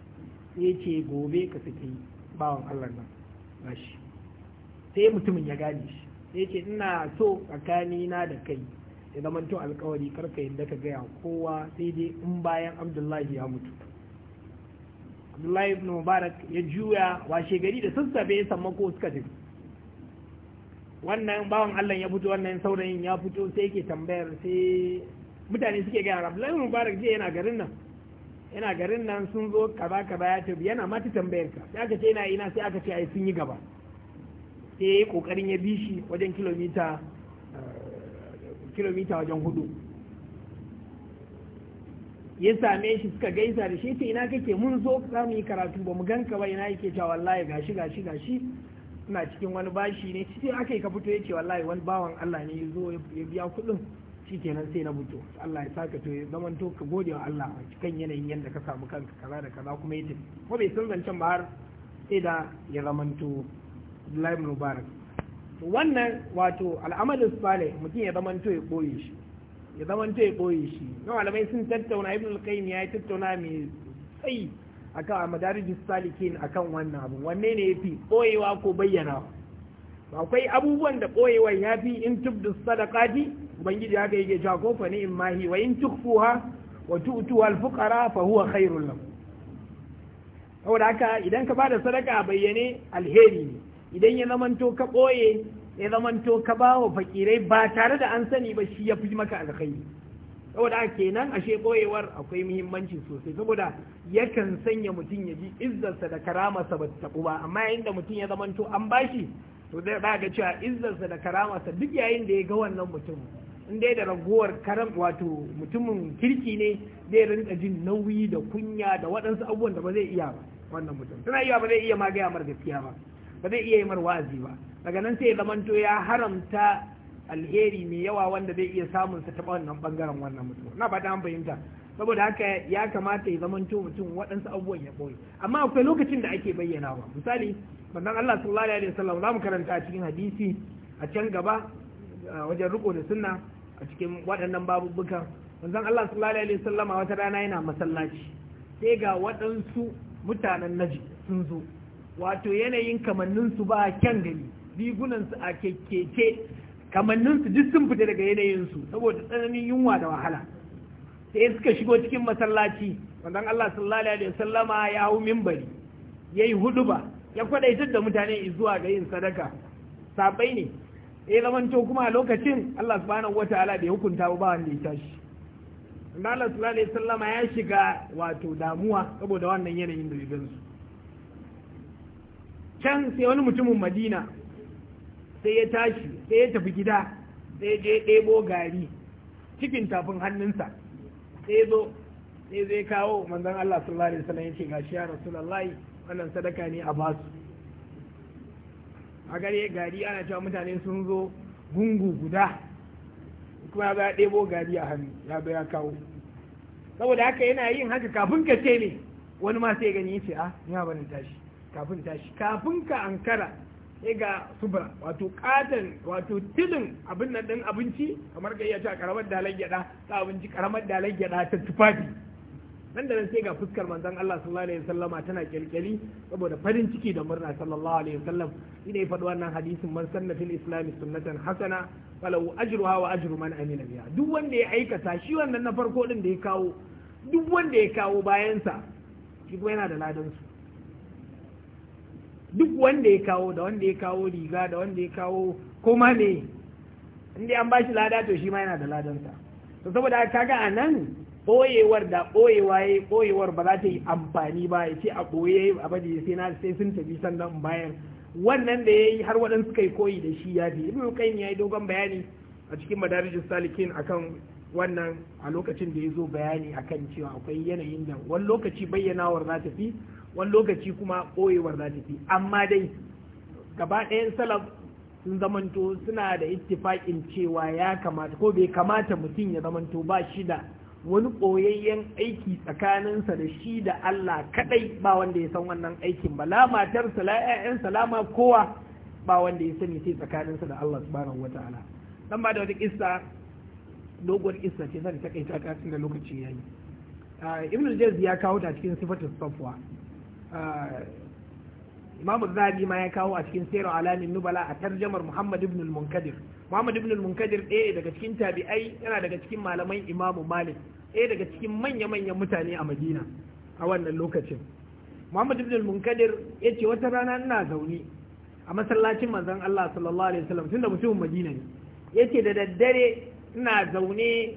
Speaker 1: sai ya ce gobe ka saki bawan Allah nan bashi sai mutumin ya gane shi sai ce ina so tsakanina da kai ya zamanto alkawari karka yadda ka gaya kowa sai dai in bayan abdullahi ya mutu abdullahi ibn mubarak ya juya washe gari da sassafe ya ko suka tafi wannan bawan allah ya fito wannan saurayin ya fito sai yake tambayar sai mutane suke gaya abdullahi ibn mubarak je yana garin nan yana garin nan sun zo kaza kaza ya tafi yana mata tambayar ka sai aka ce yana ina sai aka ce ai sun yi gaba sai ya yi kokarin ya bi shi wajen kilomita kilomita wajen hudu ya same shi suka gaisa da shi ta ina kake mun zo za mu yi karatu ba mu ganka ba ina yake cewa wallahi gashi gashi gashi ina cikin wani bashi ne cikin aka yi ka fito ya ce wallahi wani bawan Allah ne ya zo ya biya kuɗin shi kenan sai na fito Allah ya saka to ya zaman to ka gode wa Allah a cikin yanayin yadda ka samu kanka kaza da kaza kuma ya tafi ko bai san zancen ba har sai da ya zamanto Abdullahi Mubarak wannan wato al'amalin sale mutum ya to ya ɓoye shi ya to ya shi na malamai sun tattauna ibn al-qayyim ya tattauna mai tsayi akan madarijus salikin akan wannan abu wanne ne yafi koyewa ko bayyana akwai abubuwan da ya yafi in tubdu sadaqati ubangiji haka yake cewa ko fa ni mahi wa in tukfuha wa tu'tu al-fuqara fa huwa khairul lakum saboda haka idan ka bada sadaka bayyane alheri ne idan ya zamanto ka ɓoye ya zamanto ka ba wa fakirai ba tare da an sani ba shi ya fi maka alkhairi saboda kenan ashe ɓoyewar akwai muhimmanci sosai saboda yakan sanya mutum ya ji izzarsa da karamarsa ba ta ba amma yayin da mutum ya zamanto an bashi to zai ga cewa izzarsa da karamarsa duk yayin da ya ga wannan mutum in dai da ragowar karam wato mutumin kirki ne zai rinka jin nauyi da kunya da waɗansu abubuwan da ba zai iya ba wannan mutum tana iya ba zai iya ma gaya mar gaskiya ba ba zai iya yi mar wa'azi ba daga nan sai zamanto ya haramta alheri mai yawa wanda zai iya samun sa ta wannan bangaren wannan mutum na ba an fahimta saboda haka ya kamata ya zamanto mutum waɗansu abubuwan ya ɓoye amma akwai lokacin da ake bayyana wa misali manzon Allah sallallahu alaihi wasallam za mu karanta a cikin hadisi a can gaba wajen riko da sunna a cikin waɗannan babubbukan manzon Allah sallallahu alaihi wasallam a wata rana yana masallaci sai ga waɗansu mutanen naji sun zo wato yanayin kamanninsu ba kyan gani rigunansu a kekece kamanninsu duk sun fita daga yanayinsu saboda tsananin yunwa da wahala sai suka shigo cikin masallaci wannan Allah sallallahu alaihi wasallama ya hau mimbari yayi huduba ya kwadaitar da mutane zuwa ga yin sadaka sabai ne ya zamanto kuma a lokacin Allah subhanahu wataala bai hukunta ba wanda ya tashi Allah sallallahu alaihi wasallama ya shiga wato damuwa saboda wannan yanayin da ya can sai wani mutumin madina sai ya tashi sai ya tafi gida sai je ɗebo gari cikin tafin hannunsa sai zo sai zai kawo manzon Allah sallallahu alaihi wasallam yace gashi ya rasulullahi wannan sadaka ne a basu a gare gari ana cewa mutane sun zo gungu guda kuma ya ya ɗebo gari a hannu ya zo ya kawo saboda haka yana yin haka kafin ka ce ne wani ma sai gani yace a ah, ina barin tashi kafin tashi kafin ka ankara sai ga subra wato katon wato tilin abin nan din abinci kamar ka iya ta karamar dalar gyada ta abinci karamar dalar gyada ta tufafi nan da nan sai ga fuskar manzon Allah sallallahu alaihi wasallam tana kyalkyali saboda farin ciki da murna sallallahu alaihi wasallam ya faɗi wannan hadisin man sanna fil islam sunnatan hasana falahu ajruha wa ajru man amila biha duk wanda ya aikata shi wannan na farko din da ya kawo duk wanda ya kawo bayansa shi kuma yana da ladan su duk wanda ya kawo da wanda ya kawo riga da wanda ya kawo koma ne inda an bashi lada to shi ma yana da ladansa to saboda kaga a nan ɓoyewar da ɓoyewa ya ɓoyewar ba za ta yi amfani ba ya ce a ɓoye a bade sai na sai sun tafi sannan bayan wannan da ya yi har waɗansu kai koyi da shi ya fi ibn qayyim ya yi dogon bayani a cikin madarijus salikin akan wannan a lokacin da ya zo bayani akan cewa akwai yanayin da wani lokaci bayyanawar za ta fi wani lokaci kuma koyewar za ta fi amma dai gaba ɗayan salaf sun zamanto suna da ittifaƙin cewa ya kamata ko bai kamata mutum ya zamanto ba shi da wani ɓoyayyen aiki tsakaninsa da shi da Allah kaɗai ba wanda ya san wannan aikin ba la matar salaya salama kowa ba wanda ya sani sai tsakaninsa da Allah subhanahu wataala dan ba da wata kissa dogon kissa ce zan ta kai ta da lokaci yayi ah, ibn al ya kawo ta cikin sifatu safwa imamu zabi ma ya kawo a cikin sayar alamin nubala a tarjamar muhammad ibn al-munkadir muhammad ibn al-munkadir ɗaya daga cikin tabi'ai yana daga cikin malaman imamu malik ɗaya daga cikin manya-manyan mutane a madina a wannan lokacin muhammad ibn al-munkadir ya ce wata rana ina zaune a masallacin manzon allah sallallahu alaihi wasallam tunda mutumin madina ne ya ce da daddare ina zaune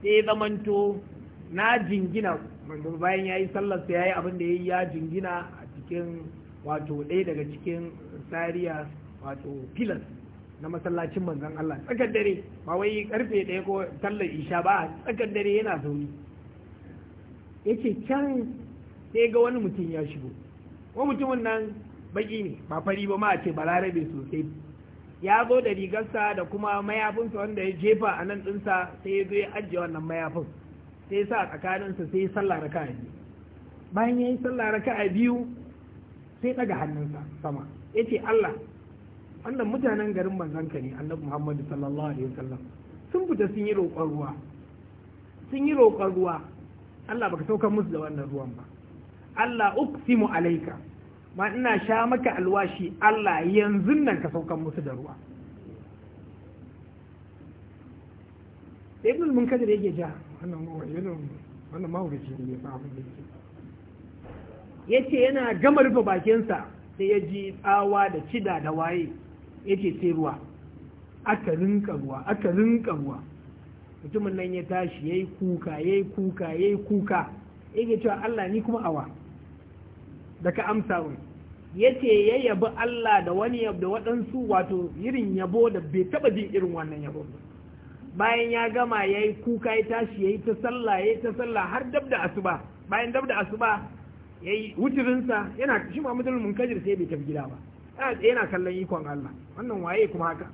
Speaker 1: sai zamanto na jingina domin bayan ya yi sallarsa ya yi abin da ya yi ya jingina a cikin wato ɗaya daga cikin tsariya wato pilas na masallacin manzan Allah tsakar dare ba wai karfe ɗaya ko sallar isha ba tsakar dare yana zaune ce can sai ga wani mutum ya shigo ko mutumin nan baki ne ba fari ba ma a ce balarabe sosai ya zo da rigarsa da kuma mayafinsa wanda ya jefa a nan ɗinsa sai ya zo ya ajiye wannan mayafin sai sa tsakaninsa sai sallah a biyu bayan ya yi sallah a biyu sai daga hannunsa sama ce Allah wannan mutanen garin manzanka ne annabi Muhammadu sallallahu alaihi wasallam sun fita sun yi roƙon ruwa sun yi roƙon ruwa Allah baka saukar musu da wannan ruwan ba Allah uksimu alaika ma ina sha maka alwashi Allah yanzu nan ka saukar musu da ruwa ibn munkadir yake ja wannan wannan wannan ne ba abin da yake yana gama rufe bakinsa sai ya ji tsawa da cida da waye yace sai ruwa aka rinka ruwa aka rinka ruwa mutumin nan ya tashi yayi kuka yayi kuka yayi kuka yake cewa Allah ni kuma awa da ka amsa ya yace ya yabi Allah da wani yabo da waɗansu wato irin yabo da bai taba jin irin wannan yabo ba bayan ya gama ya yi kuka ya tashi ya yi ta sallah ya yi ta sallah har dab da asuba bayan dab da asuba ya yi wuturinsa yana shi muhammadul munkajir sai bai tafi gida ba yana kallon ikon allah wannan waye kuma haka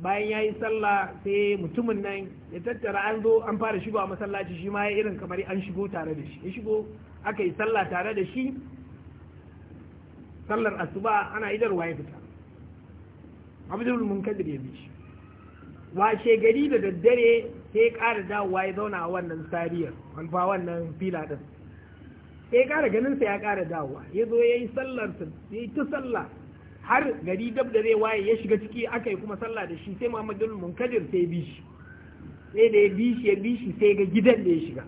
Speaker 1: bayan ya yi sallah sai mutumin nan ya tattara an zo an fara shigo a masallaci shi ma ya irin kamar an shigo tare da shi ya shigo aka yi sallah tare da shi sallar asuba ana idarwa ya fita abdul munkadir ya bi shi washe gari da daddare sai ƙara dawowa ya zauna a wannan sariyar alfa wannan fila ɗin sai ƙara ganin sa ya ƙara dawowa ya zo ya yi sallar ya yi ta sallah har gari dab da zai waye ya shiga ciki aka yi kuma sallah da shi sai muhammadul munkadir sai bi shi sai da ya bi shi ya bi shi sai ga gidan da ya shiga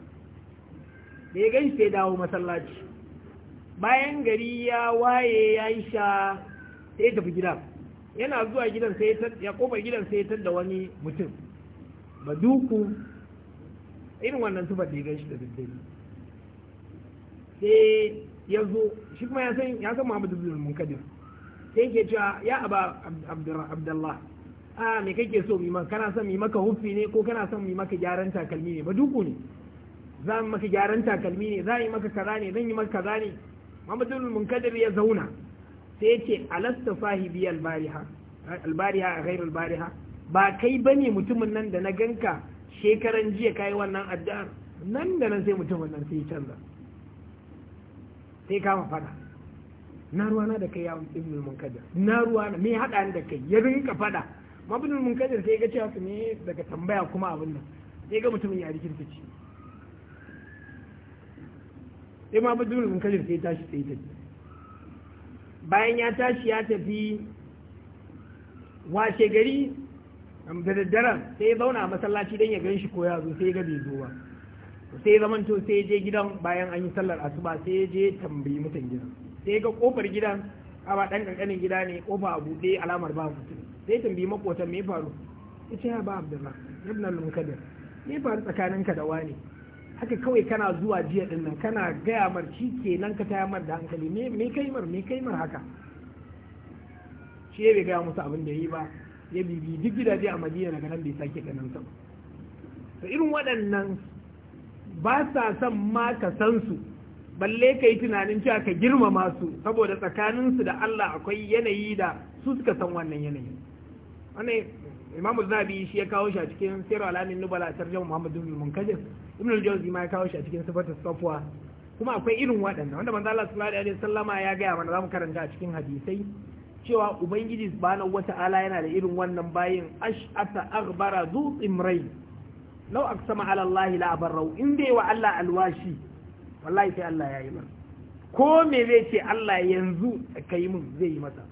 Speaker 1: da ya gan sai dawo masallaci bayan gari ya waye ya yi sha sai tafi gida yana zuwa gidan sai ya kofar gidan sai ya da wani mutum ba duku irin wannan tufa da ya gan shi da daddare sai ya zo shi kuma ya san ya san Muhammadu da Munkadir sai yake cewa ya aba Abdullah a me kake so mi maka kana son mi maka huffi ne ko kana son mi maka gyaran takalmi ne ba duku ne za mu maka gyaran takalmi ne za yi maka kaza ne zan yi maka kaza ne Muhammadu bin Munkadir ya zauna sai ya ce alasta sahibi albariha albariha a gairar albariha ba kai bane mutumin nan da na ganka shekaran jiya kayi wannan addu'ar nan da nan sai mutumin nan sai ya canza sai kama fada na ruwana da kai ya ibnul munkadir na ruwana me hada ni da kai ya rinka fada mabnul munkadir sai ga cewa ne daga tambaya kuma abin nan sai ga mutumin ya rikirta ce sai ma mabnul munkadir sai tashi sai ta bayan ya tashi ya tafi washe gari da daddaren sai ya zauna a masallaci don ya gan shi ko ya zo sai ya ga zuwa sai zaman to sai je gidan bayan an yi sallar asuba sai je tambayi mutan gidan sai ga kofar gidan a ba dan kankanin gida ne kofa a buɗe alamar ba mutum sai tambayi makotan me faru ita ya ba abdullah ibn al-munkadir me faru tsakaninka da wani haka kawai kana zuwa jiya din nan kana gaya marci ke kenan ka taya mar da hankali me me kai mar me kai mar haka shi ya bai gaya musu abin da yi ba ya bibi duk gidaje a madina daga nan bai sake ganin ta to irin waɗannan ba sa son ma ka san su balle ka yi tunanin cewa ka girmama su saboda tsakaninsu da Allah akwai yanayi da su suka san wannan yanayi wannan imamu zabi shi ya kawo shi a cikin sayarwa alamin nubala tarjama muhammadu bin munkajir ibn al-jawzi ma ya kawo shi a cikin sifatus safwa kuma akwai irin waɗanda wanda manzo Allah sallallahu alaihi wasallam ya gaya mana zamu karanta a cikin hadisai cewa ubangiji subhanahu wata'ala yana da irin wannan bayin ash'ata aghbara zu imrai law aqsama ala Allah la abarrau in dai wa Allah alwashi wallahi sai Allah ya yi ko me zai ce Allah yanzu kai mun zai yi masa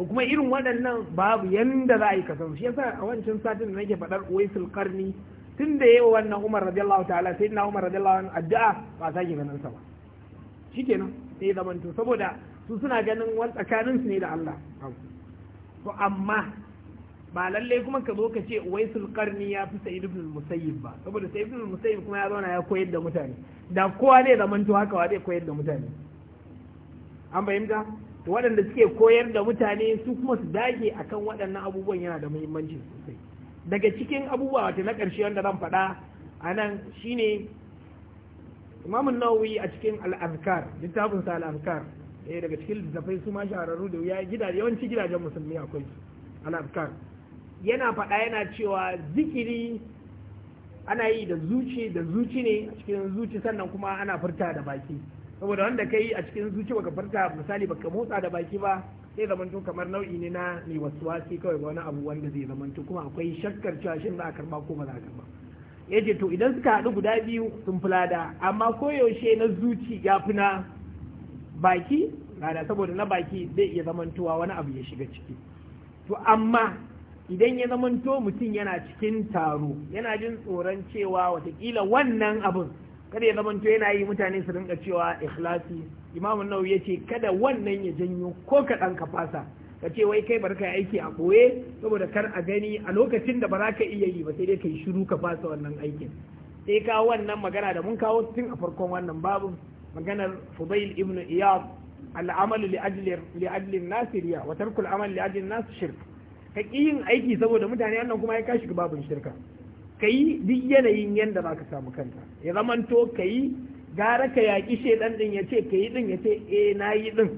Speaker 1: to kuma irin waɗannan babu yanda za a yi kasan shi yasa a wancan satin da nake faɗar waisul karni tun da yayi wannan Umar radiyallahu ta'ala sai na Umar radiyallahu anhu addu'a ba sa sake ganin sa ba shikenan sai zaman to saboda su suna ganin wani tsakanin su ne da Allah to amma ba lalle kuma ka zo ka ce waisul karni ya fi sa'id ibn musayyib ba saboda sa'id ibn musayyib kuma ya zauna ya koyar da mutane da kowa ne zaman to haka wa zai koyar da mutane an fahimta waɗanda suke koyar da mutane su kuma su dage akan waɗannan abubuwan yana da muhimmanci sosai daga cikin abubuwa wata na ƙarshe wanda zan faɗa a nan shi ne imamun nawawi a cikin al'azkar littafin sa al'azkar ɗaya daga cikin littafai su ma shahararru da wuya gidaje yawanci gidajen musulmi akwai al'azkar yana faɗa yana cewa zikiri ana yi da zuci da zuci ne a cikin zuci sannan kuma ana furta da baki saboda wanda kai a cikin zuci baka farka misali baka motsa da baki ba sai zamanto kamar nau'i ne na mai wasuwasi kawai ba wani abu wanda zai zamanto kuma akwai shakkar cewa shin za a karba ko ba za a karba yace to idan suka haɗu guda biyu sun fi amma koyaushe na zuci ya fi na baki lada saboda na baki zai iya zamantowa wani abu ya shiga ciki to amma idan ya zamanto mutum yana cikin taro yana jin tsoron cewa watakila wannan abin kada ya zamanto yana yi mutane su rinka cewa ikhlasi imamun nau ya ce kada wannan ya janyo ko kaɗan ka fasa ka ce wai kai barka aiki a ɓoye saboda kar a gani a lokacin da ba za ka iya yi ba sai dai ka yi shiru ka fasa wannan aikin sai ka wannan magana da mun kawo tun a farkon wannan babu maganar fubail ibn iyad al'amalu li ajli li ajli nasiriya wa tarkul amal li ajli nas shirk yin aiki saboda mutane wannan kuma ya kashi babu shirka ka yi duk yanayin yadda za ka samu kanka ya zamanto ka yi gara ka yaƙi shaidan ɗin ya ce ka yi ɗin ya ce eh na yi ɗin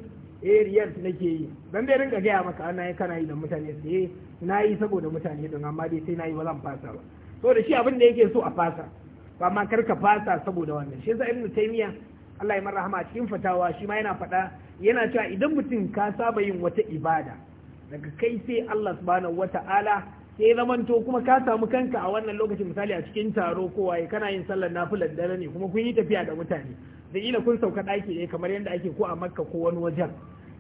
Speaker 1: eh riyar nake yi dan bai rinka gaya maka ana yi kana yi da mutane su eh na yi saboda mutane din amma dai sai na yi ba zan fasa ba saboda shi abin da yake so a fasa ba ma kar ka fasa saboda wannan shi yasa ibnu taymiya Allah ya marhama a cikin fatawa shi ma yana faɗa yana cewa idan mutum ka saba yin wata ibada daga kai sai Allah subhanahu wata'ala sai zamanto kuma ka samu kanka a wannan lokacin misali a cikin taro kowa ya kana yin sallar nafilar dare ne kuma kun yi tafiya da mutane da ila kun sauka daki ne kamar yadda ake ko a makka ko wani wajen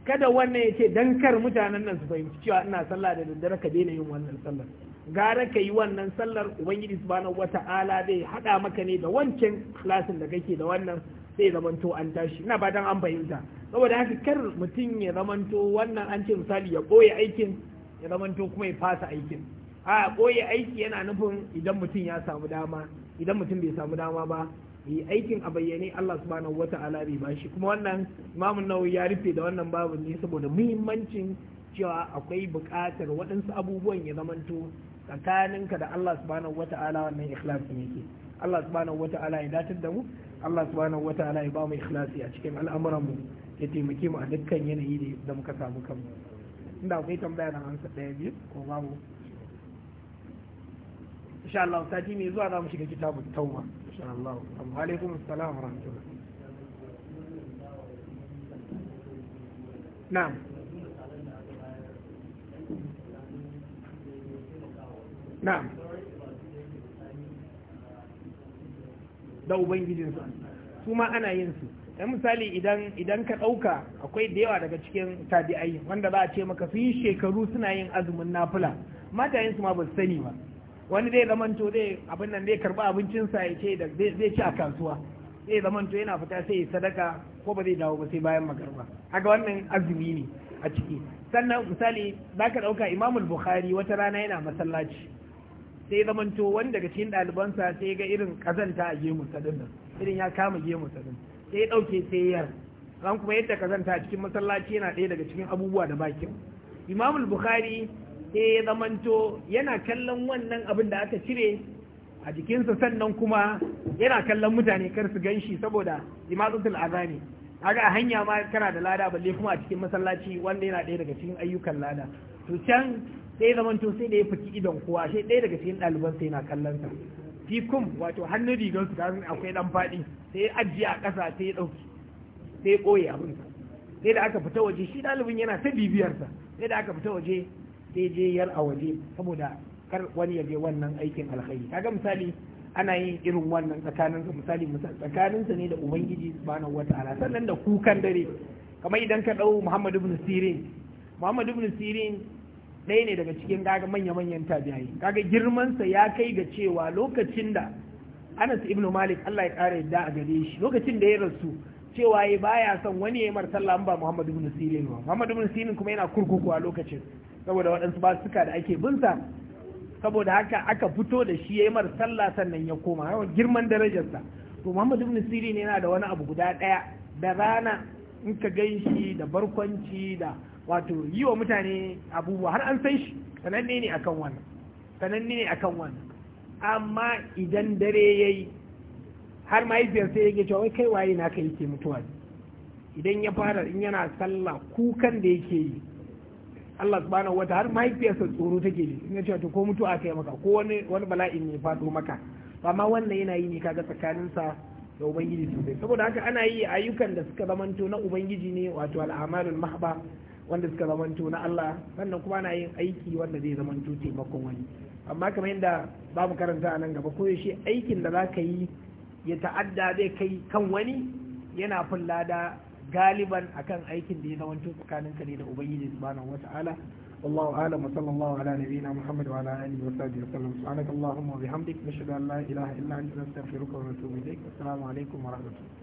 Speaker 1: kada wannan ya ce dan kar mutanen nan su fahimci cewa ina sallah da daddare ka daina yin wannan sallar gara ka yi wannan sallar ubangiji subhanahu wata'ala zai hada maka ne da wancan klasin da kake da wannan sai zamanto an tashi ina ba dan an fahimta saboda haka kar mutum ya zamanto wannan an ce misali ya boye aikin ya zamanto kuma ya fasa aikin a ɓoye aiki yana nufin idan mutum ya samu dama idan mutum bai samu dama ba yi aikin a bayyane Allah subhanahu wa ta'ala bai bashi kuma wannan imamun naui ya rufe da wannan babu ne saboda muhimmancin cewa akwai buƙatar waɗansu abubuwan ya zamanto tsakaninka da Allah subhanahu wa ta'ala wannan ikhlasin yake Allah subhanahu wa ta'ala ya datar da mu Allah subhanahu wa ta'ala ya ba mu ikhlasi a cikin al'amuran mu ya taimake mu a dukkan yanayi da muka samu kanmu inda akwai tambaya na ansa ɗaya biyu ko babu insha Allah sati mai zuwa za mu shiga kitabun tauba insha Allah alaikum assalamu wa rahmatullah na'am na'am da ubangijin su ma ana yin su dan misali idan idan ka ɗauka akwai da yawa daga cikin tabi'ai wanda ba a ce maka fi yi shekaru suna yin azumin nafila matayen su ma ba su sani ba wani zai zamanto zai abin nan zai karba abincinsa ya ce da zai ci a kasuwa zai zamanto yana fita sai ya sadaka ko ba zai dawo ba sai bayan magarba haka wannan azumi ne a ciki sannan misali za ka ɗauka imamul bukhari wata rana yana masallaci sai zamanto wani daga cikin ɗalibansa sai ya ga irin kazanta a gemu sadin nan irin ya kama gemu sadin sai ya ɗauke sai yar ran kuma yadda kazanta a cikin masallaci yana ɗaya daga cikin abubuwa da bakin imamul bukhari sai ya zamanto yana kallon wannan abin da aka cire a jikinsa sannan kuma yana kallon mutane kar su gan shi saboda imazatul azani aga a hanya ma kana da lada balle kuma a cikin masallaci wanda yana ɗaya daga cikin ayyukan lada to can sai ya zamanto sai da ya faki idon kowa sai ɗaya daga cikin ɗaliban sai yana kallon sa fikum wato hannun rigar su kafin akwai dan faɗi sai ajiye a ƙasa sai ya ɗauki sai ya ɓoye abin sai da aka fita waje shi ɗalibin yana ta bibiyarsa sai da aka fita waje sai je yar a waje saboda kar wani ya je wannan aikin alkhairi kaga misali ana yin irin wannan tsakanin misali tsakanin sa ne da ubangiji subhanahu wataala sannan da kukan dare kamar idan ka dau Muhammad ibn Sirin Muhammad ibn Sirin ɗaya ne daga cikin kaga manya-manyan tabi'ai kaga girman sa ya kai ga cewa lokacin da Anas ibn Malik Allah ya kare yadda a gare shi lokacin da ya rasu cewa ya baya son wani ya yi sallah ba Muhammad ibn Sirin ba Muhammad ibn Sirin kuma yana kurkuku a lokacin saboda waɗansu ba suka da ake binsa saboda haka aka fito da shi ya yi mar sallah sannan ya koma yawan girman darajarsa to Muhammadu ibn sirri ne yana da wani abu guda ɗaya da rana in ka gan shi da barkwanci da wato yi wa mutane abubuwa har an san shi sananne ne akan wannan sananne ne akan wannan amma idan dare ya yi har mahaifiyarsa yake cewa kai waye naka yake mutuwa idan ya fara in yana sallah kukan da yake yi Allah subhanahu wata har mahaifiyarsa tsoro take ji ina cewa to ko mutuwa kai maka ko wani wani bala'i ne faɗo maka amma wannan yana yi ne kaga tsakaninsa da ubangiji sosai saboda haka ana yi ayyukan da suka zamanto na ubangiji ne wato al'amalul mahba wanda suka zamanto na Allah sannan kuma ana yin aiki wanda zai zamanto taimakon wani amma kamar yadda babu karanta a nan gaba ko yaushe aikin da za ka yi ya ta'adda zai kai kan wani yana fin lada galiban akan aikin da ya zama tsakanin ka ne da ubangiji subhanahu wata'ala wallahu a'lam wa sallallahu ala nabiyyina muhammad wa ala alihi wa sahbihi wa sallam subhanakallahumma wa bihamdik nashhadu an la ilaha illa anta nastaghfiruka wa natubu ilayk alaikum